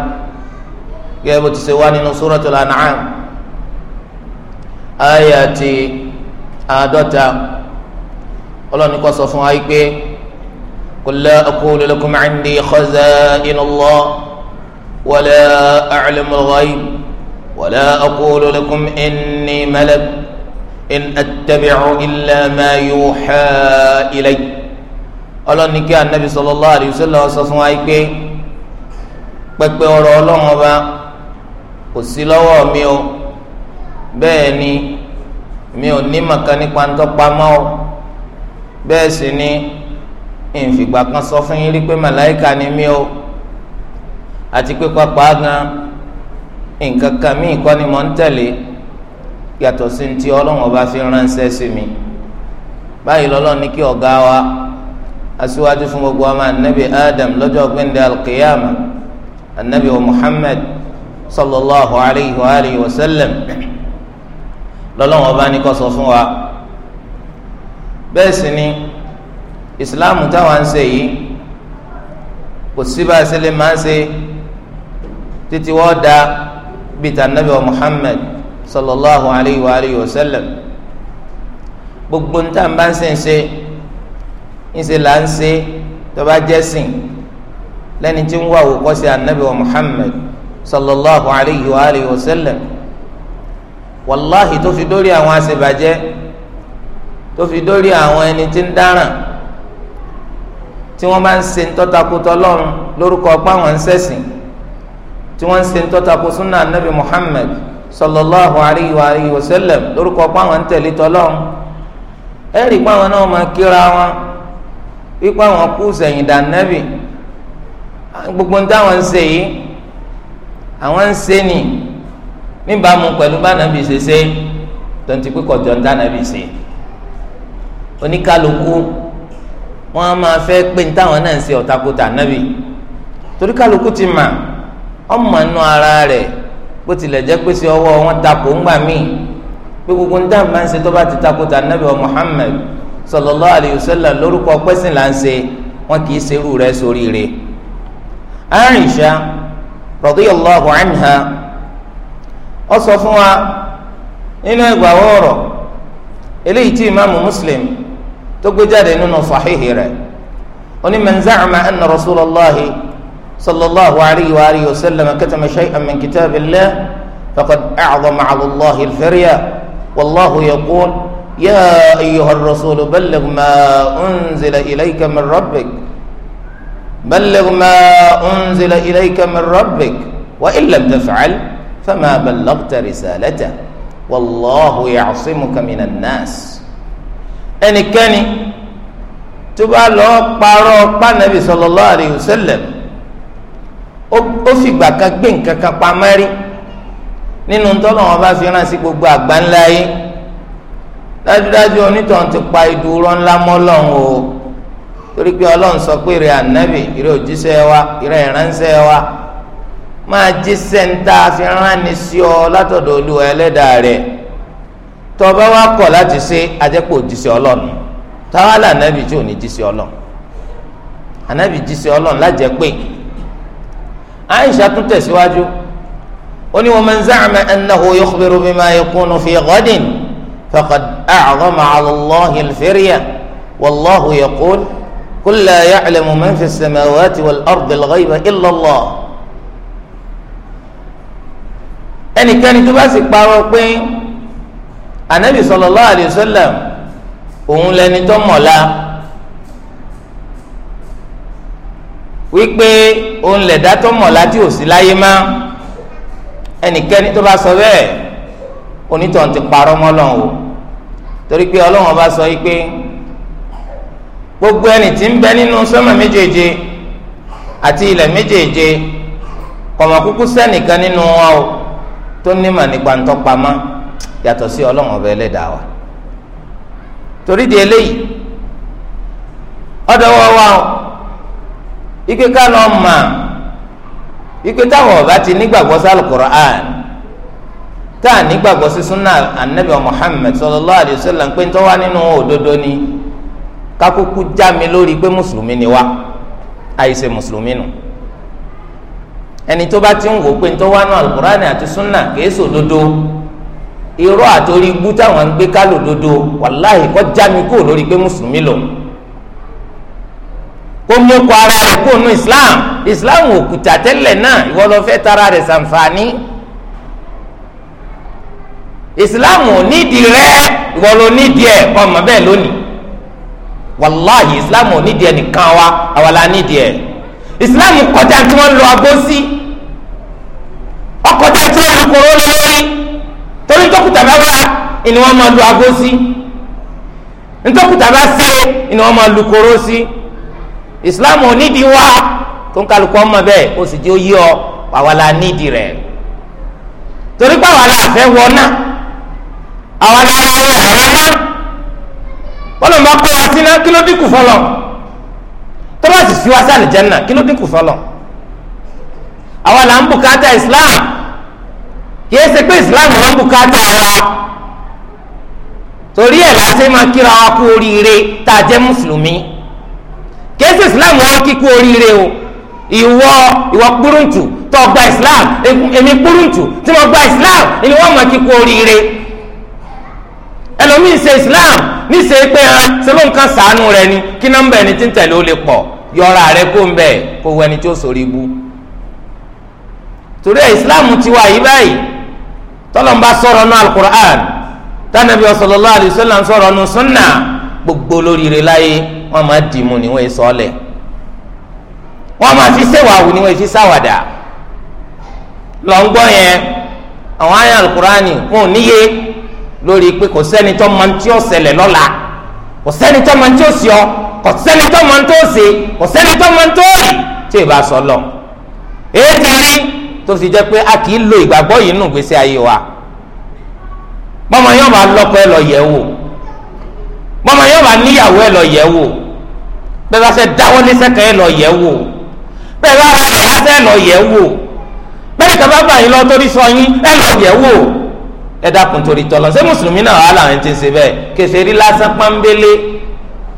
A: gẹ́gẹ́ bó ti ṣe wá nínú suratul an'am aye ọkùnrin àádọ́ta ọlọ́ni kọ́ sọ fún wa pé qul la aqulu lakum 'indi khaza'inullah wala a'lamul mẹlẹ wala aqulu lakum inni malak in ile mẹ́yọ̀ ma ilẹ̀. ilayya. ọlọ́ni kí anabi sallallahu alaihi wasallam fún wa pé pẹpẹ ọ̀rọ̀ ọlọ́run ọba kò sí lọ́wọ́ mi o bẹ́ẹ̀ ni mi ò ní màkà nípa ntọ́pamọ́ o bẹ́ẹ̀ sì ni ìfìgbà kan sọ fún yín rí pé màláìka ni mi o àti pé pápá gan nǹkan kan míì kọ́ ni mò ń tẹ̀lé yàtọ̀ sí ti ọlọ́run ọba fi ránṣẹ́ sí mi báyìí lọ́lọ́run ní kí ọ̀gá wa aṣíwájú fún gbogbo ọmọ anabi adam lọ́jọ́ gbẹndẹ alqiyama anabi wa muhammad sallallahu alayhi wa alihi wa sallam lọ́lọ́wọ́n ọba ní kó sọ fún wa bẹ́ẹ̀ sì ni islam táwọn ń ṣe yìí kò sí bá a ṣe lè ṣe títí wọ́n da bíi tànàbí wa muhammad sallallahu alayhi wa alihi wa sallam gbogbo ní bá ń ṣe ń ṣe ńṣe là ń ṣe tọba jẹ́sìn lẹ́ni tí ń wá òkọ́sí anabi wa muhammed sallallahu alayhi wa alayhi wa sallam wàláhì tó fi dórí àwọn àṣebàjẹ́ tó fi dórí àwọn ẹni tí ń dáràn tí wọ́n bá ń ṣe ńtọ́takùtọ̀ lọ́run lórúkọ ọpá wọn ń ṣẹ̀sìn tí wọ́n ń ṣe ńtọ́takù sunna anabi muhammed sallallahu alayhi wa alayhi wa sallam lórúkọ ọpá wọn ń tẹ̀lé tọ́lọ́run ẹ̀rí pàwọn náà máa kíra wọn wípé àwọn kú sẹ̀yìn dànẹ́bì gbogbo ní táwọn ń ṣe yìí àwọn ń ṣe nì níbàámu pẹ̀lú bánàbì ṣe ṣe tonti pé kọjọ ń dánàbì ṣe oníkálukú wọn a máa fẹ́ pé ní táwọn náà ń ṣe ọ̀takùtà nábì torí kálukú ti mà ọmọ inú ara rẹ̀ bó tilẹ̀ jẹ́ pé sí ọwọ́ wọn takò ńgbà míì pé gbogbo ń dáhùn máa ń ṣe tó bá ti takùtà nábì wa Muhammad sallallahu alayhi wa sallam lórúkọ pẹ́sìn là ń ṣe wọn kì í serú rẹ̀ sórí rẹ̀ Aisha radiyallahu anha ó sọ fún wa nínú ẹgbà wọ́ọ̀rọ̀ eléyìí tí imaamu Muslim tó gbé jáde nínú sahihi rẹ̀ oní man za'ama anna rasulallahi sallallahu alayhi wa alihi wa sallam katama shay'an min kitabillah faqad a'zama 'ala يا أيها الرسول بلغ ما أنزل إليك من ربك بلغ ما أنزل إليك من ربك وإن لم تفعل فما بلغت رسالته والله يعصمك من الناس أن كان تبع له قارو النبي صلى الله عليه وسلم أفي بكك بنك كبامري ننطلع وبا في ناسي بقى بان لايه dájúdájú onítọ̀hún ti pa ìdúró ńlá mọ́lọ́hún o torí pé ọlọ́run sọ pé ìrẹ̀ ànábì ìrẹ̀ òjíṣẹ́ wa ìrẹ̀ ìránṣẹ́ wa máa jíṣẹ́ ń tá a fi ránni sí ọ látọ̀dọ̀ olúwa ẹlẹ́dàá rẹ̀ tó bá wá kọ̀ láti ṣe ajẹ́pọ̀ òjíṣẹ́ ọlọ́run táwa là ànábì tí ò ní jíṣẹ́ ọlọ́run ànábì jíṣẹ́ ọlọ́run lájẹ́ pé Aisha tún tẹ̀síwájú ó ní wa man za'ama annahu yukhbiru bima yakunu fi ghadin. فقد أعظم على الله الفرية والله يقول قل لا يعلم من في السماوات والأرض الغيب إلا الله ẹnikẹ́ni tó bá sì parọ́ pé anabi sallallahu alayhi wa sallam òun lẹni tó mọ̀lá wípé òun lẹ̀dá tó mọ̀lá tí ò sí láyé má ẹnikẹ́ni tó bá sọ bẹ́ẹ̀ onítọ̀hún ti parọ́ mọ́ Ọlọ́run o. torí pé ọlọ́run ọba sọ yìí pé gbogbo ẹni tí ń bẹ nínú sọ́mà méjèèje àti ilẹ̀ méjèèje kọ̀mọ̀kúkú sẹ́nìkan nínú wa o tó nímọ̀ nípa ntọ́pamọ́ yàtọ̀ sí ọlọ́run ọba ẹlẹ́dàá wa torí di eléyìí ọ̀dọ̀ ike ká ike táwọn ọba ti àná. tá a nígbàgbọ́ sí súnà anabi muhammed sallallahu alayhi wa sallam pé ń tọ́wá nínú òdodo ni kakuku já mi lórí pé mùsùlùmí ni wá àìṣe mùsùlùmí nù ẹni tó bá ti ń wò pé ń tọ́wá nínú alukurani àti súnà kìí sọ òdodo irọ́ àtòrí igbú táwọn ń gbé kálò dodo wàláhì kọ́ já mi kúrò lórí pé mùsùlùmí lò kó mú kọ ara rẹ̀ kúrò nínú islam islam òkúta tẹ́lẹ̀ náà ìwọ lọ fẹ́ tara rẹ̀ ṣàǹfààní ìsìláàmù nídìí rẹ ìwọ ló nídìí ẹ ọmọ bẹ́ẹ̀ lónìí wàláhì ìsìláàmù nídìí ẹ nìkan wa àwa la nídìí ẹ ìsìláàmù kọjá tí wọ́n lọ agbó sí ọkọjá tí wọ́n lọ kóró lórí torí dókítà bá wà ni wọ́n máa lọ agbó sí ntọ́kùtà bá ṣe ni wọ́n máa lu kóró sí ìsìláàmù nídìí wa tó ń kálukú ọmọ bẹ́ẹ̀ ó sì jẹ́ ó ọ àwa nídìí rẹ̀ torí pé àwa la àwọn ará rẹ̀ àwọn náà wọ́n lè máa kó wa sí náà kí ló dínkù fọlọ́ tó bá sì sí wa sí àlìjẹ́nà kí ló dínkù fọlọ́ àwọn là ń bùkátà Islam kì í ṣe pé Islam ló ń bùkátà wa torí ẹ̀ láti máa kíra wa kú oríire tá a jẹ́ mùsùlùmí kì í ṣe Islam wa kíkú oríire o ìwọ ìwọ kúrúntù tó gba Islam èmi kúrúntù tí mo gba Islam ni wọ́n máa kíkú oríire. elomi ṣe islam níṣẹ́ pé hàn ṣe ló ń kan rẹ ni kí ẹni tí ń tẹ̀lé ó lè pọ̀ yọra rẹ kó ń bẹ̀ kó ẹni tí ó sòrí ibú torí ẹ islam ti wà yí báyìí tọ́lọ́mbà sọ̀rọ̀ nù alukur'an tánàbí sallallahu alaihi sọ̀rọ̀ nù sunna gbogbo olóríire láyé wọ́n máa dì mú fi fi ṣàwàdà lọ́ngbọ́n yẹn àwọn alukur'ani lórí pé kò sẹ́ni tó máa ń tí ó ṣẹlẹ̀ lọ́la kò sẹ́ni tó máa ń tí ó sì ọ kò sẹ́ni tó máa ń tó ṣe kò sẹ́ni tó máa ń tó rì tí ì bá sọ lọ. èyí rí tó fi jẹ́ pé a kì í lo ìgbàgbọ́ yìí nù gbèsè ayé wa
B: bọ́mọ yóò bá lọ́kọ ẹ lọ
A: yẹ̀ wò bọ́mọ yóò bá níyàwó ẹ lọ yẹ̀ wò bẹ́ẹ̀ bá fẹ́ dáwọ́ níṣẹ́kẹ́ ẹ lọ yẹ̀ wò bẹ́ẹ̀ bá ara rẹ̀ lọ yẹ̀ wò bẹ́ẹ̀ kàbá bàyìn lọ torí sọ yín ẹ lọ yẹ̀ wò ẹ dákun torí tọ́lọ́ ṣé mùsùlùmí náà wà láwọn ti ń ṣe bẹ́ẹ̀ kèfèrí lásán pọ́nbélé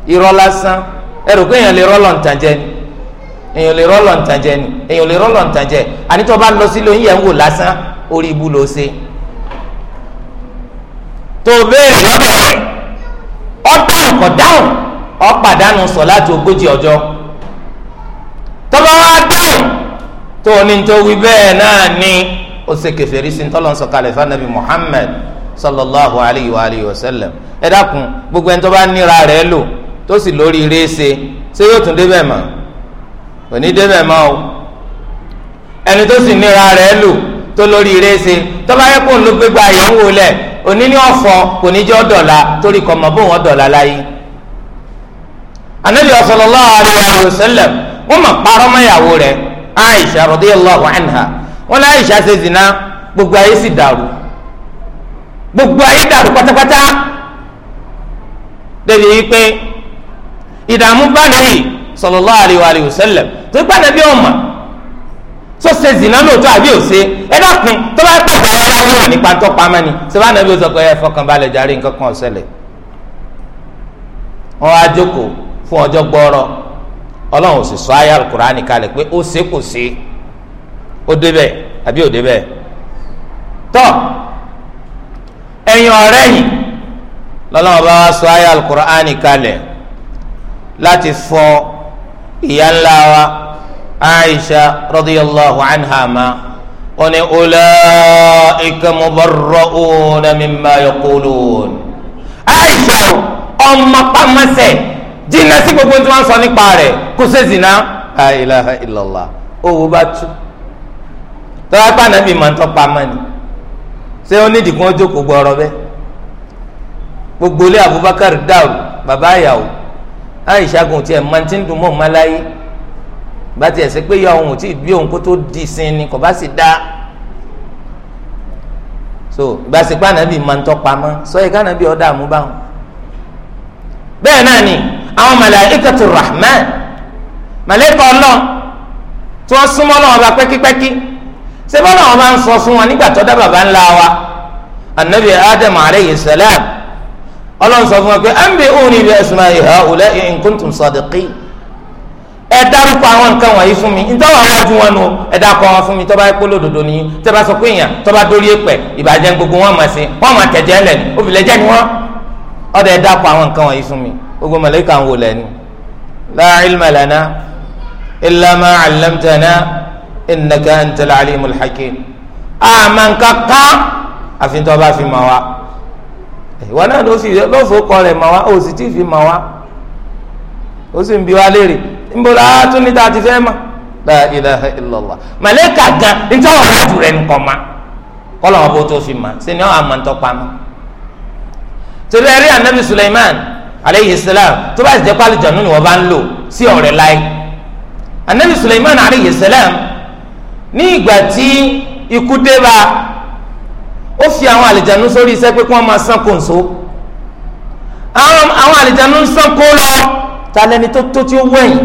A: irọ́ lásán ẹ rò pé èèyàn lè rọ́lọ̀ ń tàn jẹ ni èèyàn lè rọ́lọ̀ ń tàn jẹ ni èèyàn lè rọ́lọ̀ ń tàn jẹ àní tó bá lọ sílé oyin yẹn ń wò lásán orí ibu ló ṣe. tó o béèrè lọ́dọ̀ rẹ̀ ọ dáhùn kọ̀ dáhùn ọ sọ láti ogójì ọjọ́ tọ́ba wa dáhùn tó o ní tó wí bẹ́ẹ̀ náà ni ó ṣe kèfèrí sí ntọ́lọ́ sọ̀kalẹ̀ fanabi Muhammad sallallahu alayhi wa alayhi wa sallam ẹ dákun gbogbo ẹni tó bá níra rẹ̀ lò tó sì lórí ire ṣe ṣé yóò tún débẹ̀ mọ́ kò ní débẹ̀ mọ́ o ẹni tó sì níra rẹ̀ lò tó lórí ire ṣe tó bá yẹ kó ń lo gbégbá yẹn ń òní ní ọ̀fọ̀ kò ní jẹ́ ọ̀dọ̀la torí kọ́ mọ̀ bó wọn láyé anabi sallallahu alayhi wa sallam wọ́n mọ̀ parọ́ mọ́ rẹ̀ Aisha radiyallahu anha wọn láyé ìṣàṣe zina gbogbo ayé sì dàrú gbogbo ayé dàrú pátápátá débi wípé ìdààmú bá nàbì sallallahu alaihi wa wasallam tó gbà nàbì ọmọ tó ṣe zina lóòótọ́ àbí òṣè ẹ dákun tó bá pàgbà ẹ bá wúlò nípa tó pamọ́ ni sọba nàbì ó sọ pé ẹ fọkàn balẹ̀ jàre nǹkan kan ọ̀sẹ̀lẹ̀ wọn á jókòó fún ọjọ́ gbọ́ọ́rọ́ ọlọ́run ò sì sọ ayé alukur'ani kalẹ̀ pé ó ṣe kò ṣe ó débẹ̀ àbí ó débẹ̀ tọ́ ẹ̀yin ọ̀rẹ́ yìí lọ́lọ́wọ́ bá wá sọ ayé alukur'ani kalẹ̀ láti fọ ìyá ńlá wa aisha radiyallahu anha ma wọ́n ní ulaika mubarra'una mimma yaqulun aisha ọmọ pàmẹsẹ̀ jìnnà sí gbogbo tí wọ́n sọ nípa rẹ̀ kó ṣe zina la ilaha illallah owó bá tún tọ́lá pa ànábì máa ń tọ́pa ama ni ṣé ó nídìí kí wọ́n jókòó gbọ́ ọ̀rọ̀ bẹ́ẹ̀ gbogbo ilé Abubakar dàrú bàbá àyàwó Aisha gùn tiẹ̀ máa ti ń dùn mọ́ ọ̀máláyé gba tiẹ̀ sẹ́ pé ya òun ò tí ì bí òun kó tó di sin ni kò bá sì dá so gba sí pa ànábì máa ń tọ́pa ama sọ yẹ ká ànábì ọ̀ dààmú báwọn bẹ́ẹ̀ náà ni àwọn màláíkàtù Rahman màláíkà ọlọ́ọ̀ tí wọ́n súnmọ́ ọlọ́ọ̀ bá ṣé bọ́lá wọn máa ń sọ fún wọn nígbà tó dá bàbá ńlá wa anabi adam aleyhi salam ọlọ́run sọ fún wa pé ẹnbi òní bí ẹsùn máa yìí ọ̀lẹ́ in kuntum sadiqin ẹ dárúkọ àwọn nǹkan wọ̀nyí fún mi nítorí àwọn wájú wọn nu ẹ dákọ wọn fún mi tọ́ba ẹ polo dodo ni tẹ́ba sọ pé èèyàn tọ́ba dórí èpẹ̀ ìbàjẹ́ gbogbo wọn máa ṣe wọn máa tẹ̀jẹ́ lẹ̀ ní òbílẹ̀jẹ́ ni wọn ọ̀dọ̀ ẹ dákọ àwọn nǹkan wọ̀nyí fún mi gbogbo mọ̀lẹ́kà ń wò lẹ́nu la ilma lana illa innaka antal alimul hakim àmà nǹkan kan àfi tó bá fi mọ̀ wá ìwọ náà ló sì ló fò kọ rẹ̀ mọ̀ wá ó sì tí ì fi mọ̀ wá ó sì ń bi wá léèrè nbola tún níta àti fẹ́ mọ̀ la ilaha illallah màlẹ́kà gan níta wà láti rẹ̀ nǹkan ma kọ́lọ̀ wọn bó tó fi mọ̀ sí ni wọn àmà ń tọ́pa mọ́ torí ẹ̀rí anabi Sulaiman aleyhi salam tó bá ti jẹ́ pálí jọ̀nù ni wọ́n bá ń lò sí ọ̀rẹ́ anabi Sulaiman aleyhi salam ní ìgbà tí ikú dé bá ó fi àwọn àlìjánu sórí iṣẹ́ pé kí wọ́n máa sán kóńsó àwọn àlìjánu ń sán kó lọ talẹ́ni tó tó tí ó wẹ̀yìn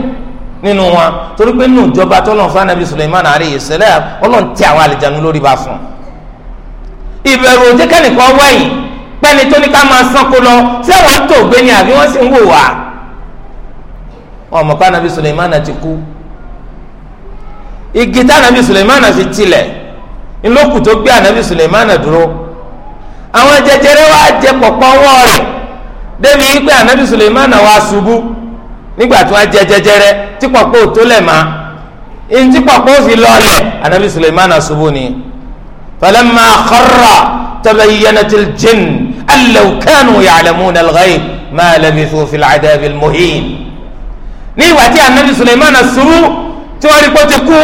A: nínú wọn torí pé nínú ìjọba tọ́lọ̀ fún anabi Suleiman alayhi salam ọlọ́run tẹ àwọn àlìjánu lórí bá fún un ìbẹ̀rù òjẹ́ kẹ́nìkan wẹ̀yìn pẹ́ni tó ní ká máa sán kó lọ ṣé wàá tó gbé ni àbí wọ́n sì ń wò wá ọmọ kan anabi Suleiman ti kú igi tá anabi suleimana fi tilẹ̀ ńlọ́kù tó gbé anabi suleimana dúró àwọn jẹjẹrẹ wa jẹ pọ̀pọ̀ ọwọ́ rẹ̀ débi pé anabi suleimana wa ṣubú nígbà tí wọ́n jẹ jẹjẹrẹ tí pọ̀pọ̀ ò tó lẹ̀ ma ntí pọ̀pọ̀ fi lọ́ọ̀lẹ̀ anabi suleimana ṣubú ni falamma kharra tabayyanatil jinn allaw kanu ya'lamuna al-ghayb ma labithu fil 'adabil muhin ní ìgbà tí anabi tí wọ́n rí pé ó ti kú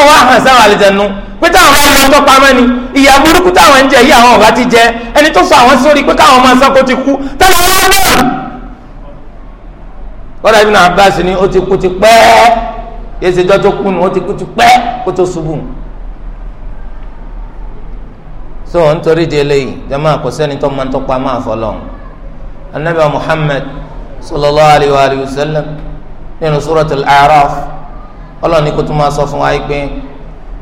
A: ọwọ́ àhàn sáwọn àlejànú pé táwọn bá lọ tọ́pa mẹ́ni ìyá burúkú táwọn ń jẹ yìí àwọn ọ̀gá ti jẹ ẹni tó sọ àwọn sórí pé káwọn máa sọ́kó ti kú tẹ́lẹ̀ wọ́n bẹ̀rẹ̀. kọ́dà Ibn Abbas ni ó ti kú ti pẹ́ yéésì jọ́ tó kú nu ó ti kú ti pẹ́ kó tó ṣubú. so nítorí di eléyìí jama kò sẹ́ni tó máa ń tọ́pa máa fọlọ́ anabi Muhammad sallallahu alayhi wa sallam nínú suratul A'raf ọlọ́run ní kó tó máa sọ fún wa yìí pé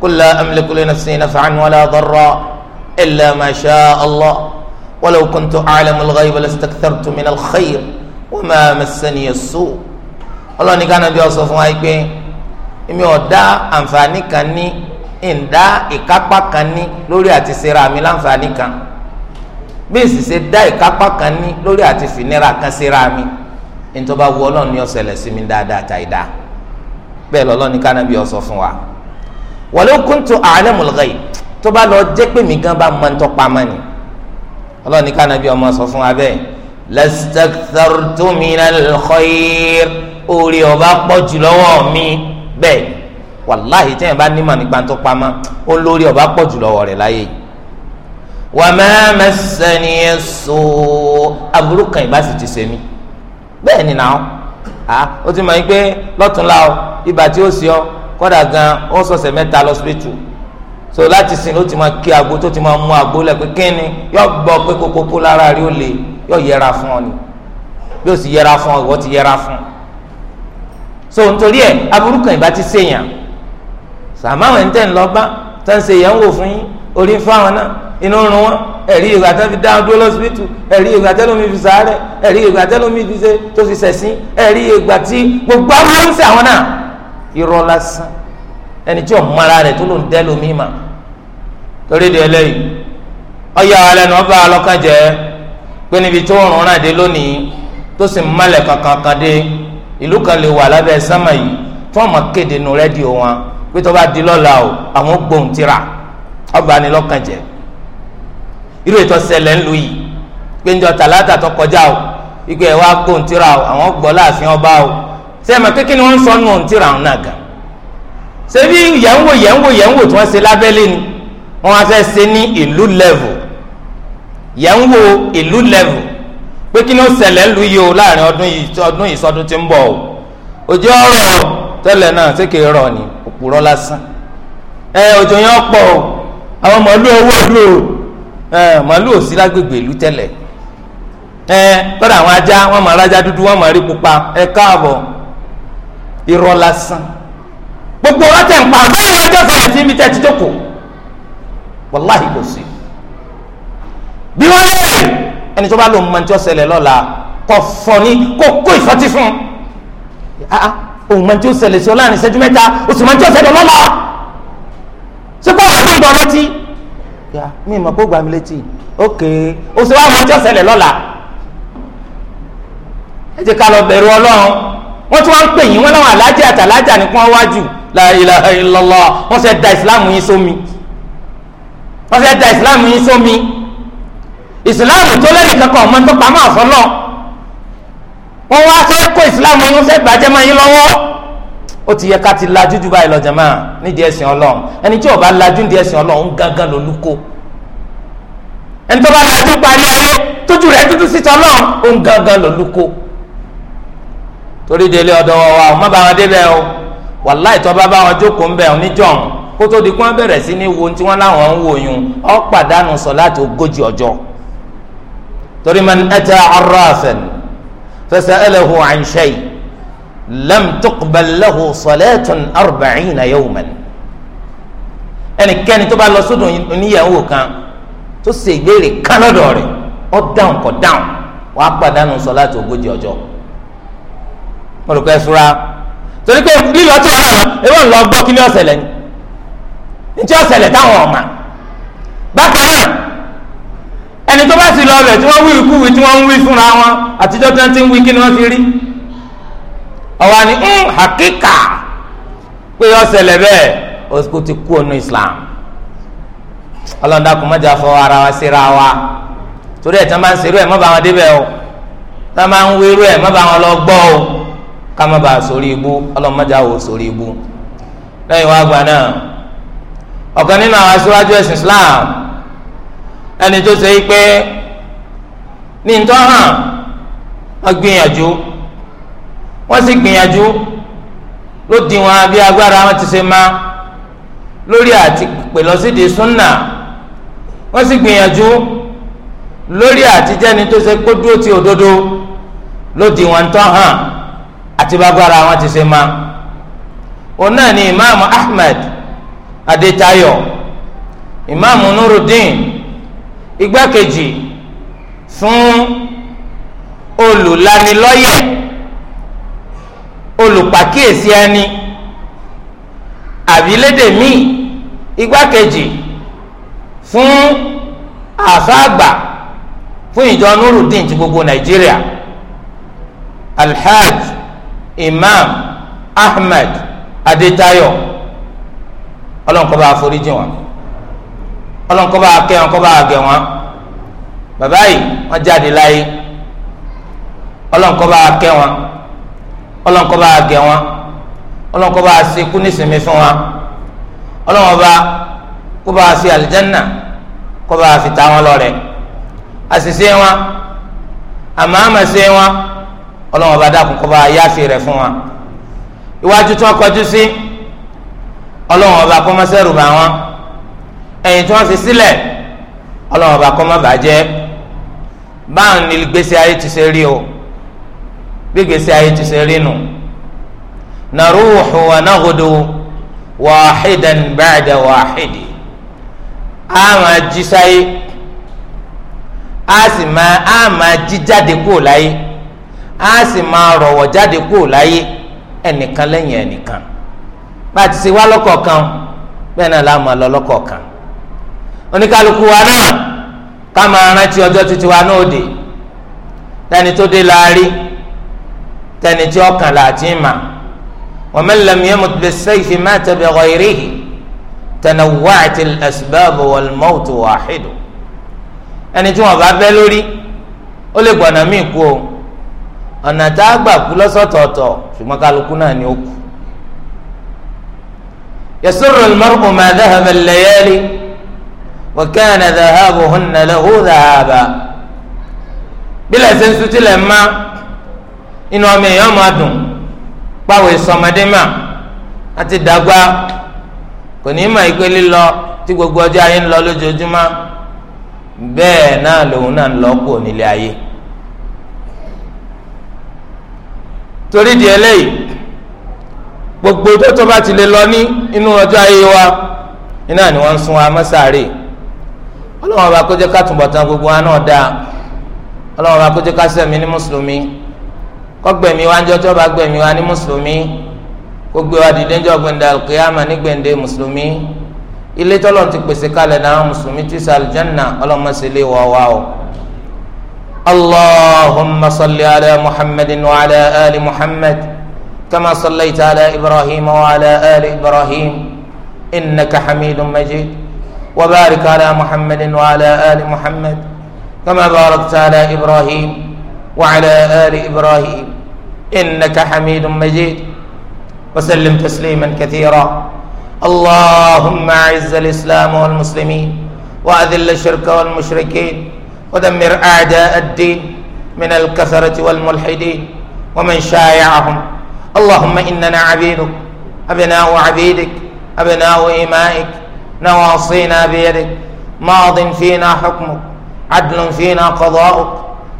A: qul la amliku li nafsi naf'an wala darra illa ma sha Allah walau kuntu a'lamu al-ghayba lastakthartu min al-khayr wa ma massani as-su' ọlọ́run ní kánàbí ọ̀sọ̀ fún wa yìí pé èmi ò dá àǹfààní kan ní ìdá ìkápá kan ní lórí àti sera mi láǹfààní kan bí èsì ṣe dá ìkápá kan ní lórí àti fìnira kan sera mi ní tó bá wù ọlọ́run ní ó ṣẹlẹ̀ sí mi dáadáa tàyí bẹ́ẹ̀ lọ́lọ́ ní kánábì ó sọ fún wa walau kuntu a'lamul ghaib tó bá lọ jẹ́ pé mi gan bá mọ ntọ́ pamọ́ ni ọlọ́run ní kánábì ọmọ sọ fún wa bẹ́ẹ̀ lastakthartu minal khair orí ọba pọ̀ jù mi bẹ́ẹ̀ wàláhì tẹ́yìn bá nímọ̀ nípa ntọ́ pamọ́ ó lórí ọba pọ̀ jù lọ́wọ́ láyé yìí wa ma massani as-suu aburú kan ìbá sì ti ṣe bẹ́ẹ̀ ni náà ó ti mọ̀ yín pé lọ́tún láò ibà tí ó sì ọ kódà gan ó sọ̀sẹ̀ mẹ́ta lọ síbítù so láti sìn ló ti máa kí agbo tó ti máa mú agbo lẹ pé kíni yọ gbọ́ pé kókókó lára rí ó le yọ yẹra fún ọ ni bí ó sì yẹra fún ọ ìwọ ti yẹra fún so nítorí ẹ aburú kan ìbá ti ṣèyàn sàmáwọn ẹni tẹ́ ń lọ bá tẹ́ ń ṣe yẹn ń wò fún yín orí ń fáwọn náà inú ń rún wọn ẹ̀rí ìgbà tẹ́ fi dáhùn dúró lọ́sibítù ẹ̀rí ìgbà tẹ́ lómi fi sàárẹ̀ ẹ̀rí ìgbà tẹ́ lómi fi ṣe tó fi ṣẹ̀sín ẹ̀rí ìgbà tí gbogbo àwọn ń ṣe àwọn náà irọ́ lásán ẹni tí ọmọ ara rẹ̀ tó ló ń dẹ́ lómi mà torí de eléyìí ọyà wa lẹ́nu ọba alọ́kàn pé níbi tó rùn rán dé lónìí tó sì ń malẹ̀ dé ìlú kan lè wà lábẹ́ yìí tó kéde nu rẹ́díò wọn pé tó bá di lọ́la o àwọn gbóhùn tira ọba ni irú ètò ṣẹlẹ̀ yìí pé tàlátà tó kọjá o ìgbẹ́ wa gbóhùn tira o àwọn gbọ́ láàfin ọba o sẹ́yìnmà kékeré ni wọ́n sọ nù ọ̀n tíra ọ̀n náà gà ṣebí yẹ̀wò yẹ̀wò yẹ̀wò tí wọ́n ṣe ni wọ́n wá fẹ́ ṣe ní level yẹ̀wò ìlú level pé kí ni ó e, lu yìí o láàrin ọdún yìí ọdún yìí sọdún o òjò ọ̀rọ̀ tẹ́lẹ̀ náà ṣé ni òpùrọ̀ lásán ẹ òjò yẹn pọ̀ o àwọn màálù owó ìlú o màálù ò sí lágbègbè ìlú tẹ́lẹ̀ ẹ kọ́dà àwọn ajá irọ́ lásán gbogbo ọ̀rọ̀ tẹ̀ ń pa bẹ́ẹ̀ lọ́jọ́ sọ̀rọ̀ sí ibi tẹ́ ti jókòó wàláhì kò sí bí wọ́n léèrè ẹni tó bá lò ń mọ tí ó ṣẹlẹ̀ lọ́la kò fọ ní kò kó ìfọ́tí fún un ah, ah, òun mọ tí ó ṣẹlẹ̀ sí ọ ìṣẹ́jú mẹ́ta o mọ tí ó ṣẹlẹ̀ lọ́la ṣé kó wàá gbọ́dọ̀ létí yà mí mọ̀ kó gbà mí létí ok o sì wàá mọ tí ó ṣẹlẹ̀ lọ́la ẹ jẹ́ ká lọ bẹ̀rù ọlọ́run wọ́n tún wá ń pè yín wọ́n láwọn alájà àtàlájà ní kún wájú la ilaha wọ́n ṣe da ìsìláàmù yín sómi wọ́n ṣe da ìsìláàmù yín sómi ìsìláàmù tó lẹ́yìn kankan ọmọ tó pamọ́ àfọlọ́ wọ́n wá fẹ́ kó ìsìláàmù yín fẹ́ bàjẹ́ máa yín lọ́wọ́ ó ti yẹ ká ti lajú ju báyìí lọ jàmáà nídìí ẹ̀sìn ọlọ́run ẹni tí ò bá lajú nídìí ẹ̀sìn ọlọ́run gángan lolúkó ẹni tó bá lajú parí ayé tójú rẹ̀ tútù sí tọ́lọ́run ó ń gángan lolúkó torí délé ọ̀dọ̀ wa ọmọ bá wọn débẹ̀ o wàláì tó bá bá wọn jókòó ń bẹ oníjọ kó tó di kó wọn bẹ̀rẹ̀ sí ní wo tí wọn láwọn ń wò yun ọ pàdánù sọláàtì ogójì ọjọ́ torí man ata arrafan fasalahu an shay lam tuqbal lahu salatun arba'ina yawman ẹnikẹ́ni tó bá lọ sọ́dọ̀ oníyàwó kan tó ṣègbèrè kan lọ́dọ̀ rẹ̀ ọ dáhùn kọ dáhùn wàá pàdánù sọláàtì ogójì ọjọ́. olùkọ́ ẹ̀fúra torí pé lílọ tí wọ́n lọ ewé ńlọ gbọ́ kí ni ọ̀sẹ̀lẹ̀ ni ntí ọ̀sẹ̀lẹ̀ táwọn ọ̀ma bákan náà ẹni tó bá sì lọ ọbẹ̀ tí wọ́n wí ìkúwì tí wọ́n ń wí fúnra wọn àtijọ́ tí wọ́n ti ń wí kí ni wọ́n fi rí ọ̀wá ni ń hakika pé ọ̀sẹ̀lẹ̀ bẹ́ẹ̀ o ti kú ọ̀nà Islam ọlọ́dà mọ́jà fọ ara wa síra wa torí ẹ̀ tí wọ́n bá ń serú ẹ̀ mọ́ bá wọn débẹ̀ o tí wọ́n bá ń ẹ̀ mọ́ bá wọn lọ gbọ́ o. ká má bàa ibu ibú ọlọ́mọdé àwò sórí ibú lẹ́yìn gba náà nínú àwọn Islam ẹni tó ṣe pé ní ntọ́ hàn wọ́n gbìyànjú wọ́n sì gbìyànjú ló di wọn bí agbára wọn ti ṣe má lórí àti pè súnà wọ́n sì gbìyànjú lórí ati tó ṣe kó dúró ti òdodo ló di wọn ntọ́ àti bágbára wọn ti ṣe máa òun náà ni imaamu ahmed adetayo imaamu nurudin igbákejì fún olùlanilọ́yẹ̀ olùpàkíyèsí ẹni àbílédè míì igbákejì fún àfáàgbà fún ìjọ nurudin ti gbogbo nàìjíríà alhaji imam ahmed adetayo ọlọ́nkọ́ba àforíjì wọn ọlọ́nkọ́ba akẹ́ wọn kọ́ba àgẹ̀ wọn bàbá yìí wọ́n jáde láyé ọlọ́nkọ́ba akẹ́ wọn ọlọ́nkọ́ba àgẹ̀ wọn ọlọ́nkọ́ba àsekú nísìmí fún wọn ọlọ́nkọ́ba kọ́ba àse àlìjánná kọ́ba àfitá wọn lọ́rẹ̀ àṣìṣe wọn àmàmàṣe wọn ọlọ́wọ́n bá dákun kó bá yáàfin rẹ̀ fún wa iwájú tí wọ́n kọjú sí ọlọ́wọ́n bá kó má ṣẹ̀rù bà wọ́n ẹ̀yìn tí wọ́n fi sílẹ̀ ọlọ́wọ́n bá kó má bàjẹ́ báwọn ní gbèsè ayé ti ṣe rí o bí gbèsè ayé ti ṣe rí nu naruhu wa wàhídàn ba'da wàhídì a máa a sì máa a máa jí jáde kúrò láyé á sì máa rọ̀wọ̀ jáde kúrò láyé ẹnìkan lẹ́yìn ẹnìkan bá a ti ṣe wá lọ́kọ̀ọ̀kan bẹ́ẹ̀ náà láàmú lọ lọ́kọ̀ọ̀kan oníkálukú wa náà ká máa rántí ọjọ́ títí wa náà dé tẹni tó dé láàrí tẹni tí ọkàn láti mà wa man lam yamut bis-sayfi mata bi-ghayrihi tanawwa'at al-asbab wal-mawtu wahidu ẹni tí wọn bá bẹ́ lórí ó lè gbọ̀nà míì kú o ọ̀nà tá a gbà kú lọ́sọ̀tọ̀ọ̀tọ̀ ṣùgbọ́n kálukú náà ni ó kú. يسر المرء ما ذهب الليالي وكان ذهابهن له ذهابا bílẹ̀ ṣe ń sutí lẹ̀ mọ́ inú ọmọ èèyàn máa dùn pàwọ̀ ìsọmọdé mà àti dàgbà kò ní mà ìpè lílọ tí gbogbo ọjọ́ ayé ń lọ lójoojúmọ́ bẹ́ẹ̀ náà lòun náà ń lọ kú onílé ayé. torí di eléyìí gbogbo tó tó bá ti lè lọ ní inú ọjọ́ ayé wa iná ni wọ́n ń sun amásáré ọlọ́wọ́n bá kójẹ́ ká túnbọ̀ tán gbogbo wa náà dáa ọlọ́wọ́n bá kójẹ́ ká sẹ̀mí ní mùsùlùmí kọ́gbẹ̀mí wa ń jọ́ tó bá gbẹ̀mí wa ní mùsùlùmí kó gbé wa dìde ńjọ́ gbẹ̀ndé alùkìyàmà ní gbẹ̀ndé mùsùlùmí ilé tọ́lọ́ ti pèsè kalẹ̀ náà mùsùlùmí tí sàlùjánà ọlọ́mọ اللهم صل على محمد وعلى آل محمد كما صليت على إبراهيم وعلى آل إبراهيم إنك حميد مجيد وبارك على محمد وعلى آل محمد كما باركت على إبراهيم وعلى آل إبراهيم إنك حميد مجيد وسلم تسليما كثيرا اللهم أعز الإسلام والمسلمين وأذل الشرك والمشركين ودمر أعداء الدين من الكثرة والملحدين ومن شايعهم اللهم إننا عبيدك أبناء عبيدك أبناء إمائك نواصينا بيدك ماض فينا حكمك عدل فينا قضاؤك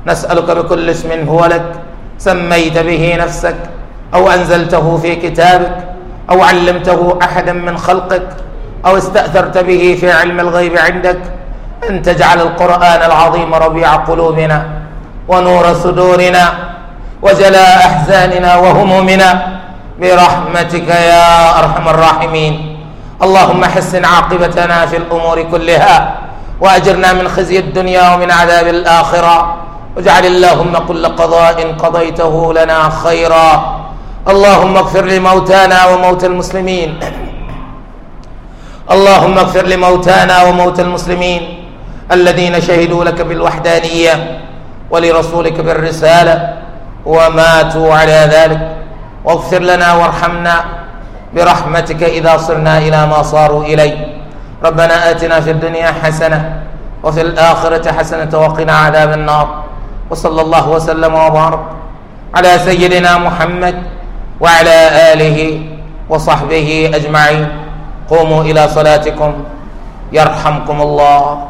A: نسألك بكل اسم هو لك سميت به نفسك أو أنزلته في كتابك أو علمته أحدا من خلقك أو استأثرت به في علم الغيب عندك أن تجعل القرآن العظيم ربيع قلوبنا ونور صدورنا وجلاء أحزاننا وهمومنا برحمتك يا أرحم الراحمين اللهم حسن عاقبتنا في الأمور كلها وأجرنا من خزي الدنيا ومن عذاب الآخرة واجعل اللهم كل قضاء قضيته لنا خيرا اللهم اغفر لموتانا وموتى المسلمين اللهم اغفر لموتانا وموتى المسلمين الذين شهدوا لك بالوحدانية ولرسولك بالرسالة وماتوا على ذلك واغفر لنا وارحمنا برحمتك إذا صرنا إلى ما صاروا إليه ربنا آتنا في الدنيا حسنة وفي الآخرة حسنة وقنا عذاب النار وصلى الله وسلم وبارك على سيدنا محمد وعلى آله وصحبه أجمعين قوموا إلى صلاتكم يرحمكم الله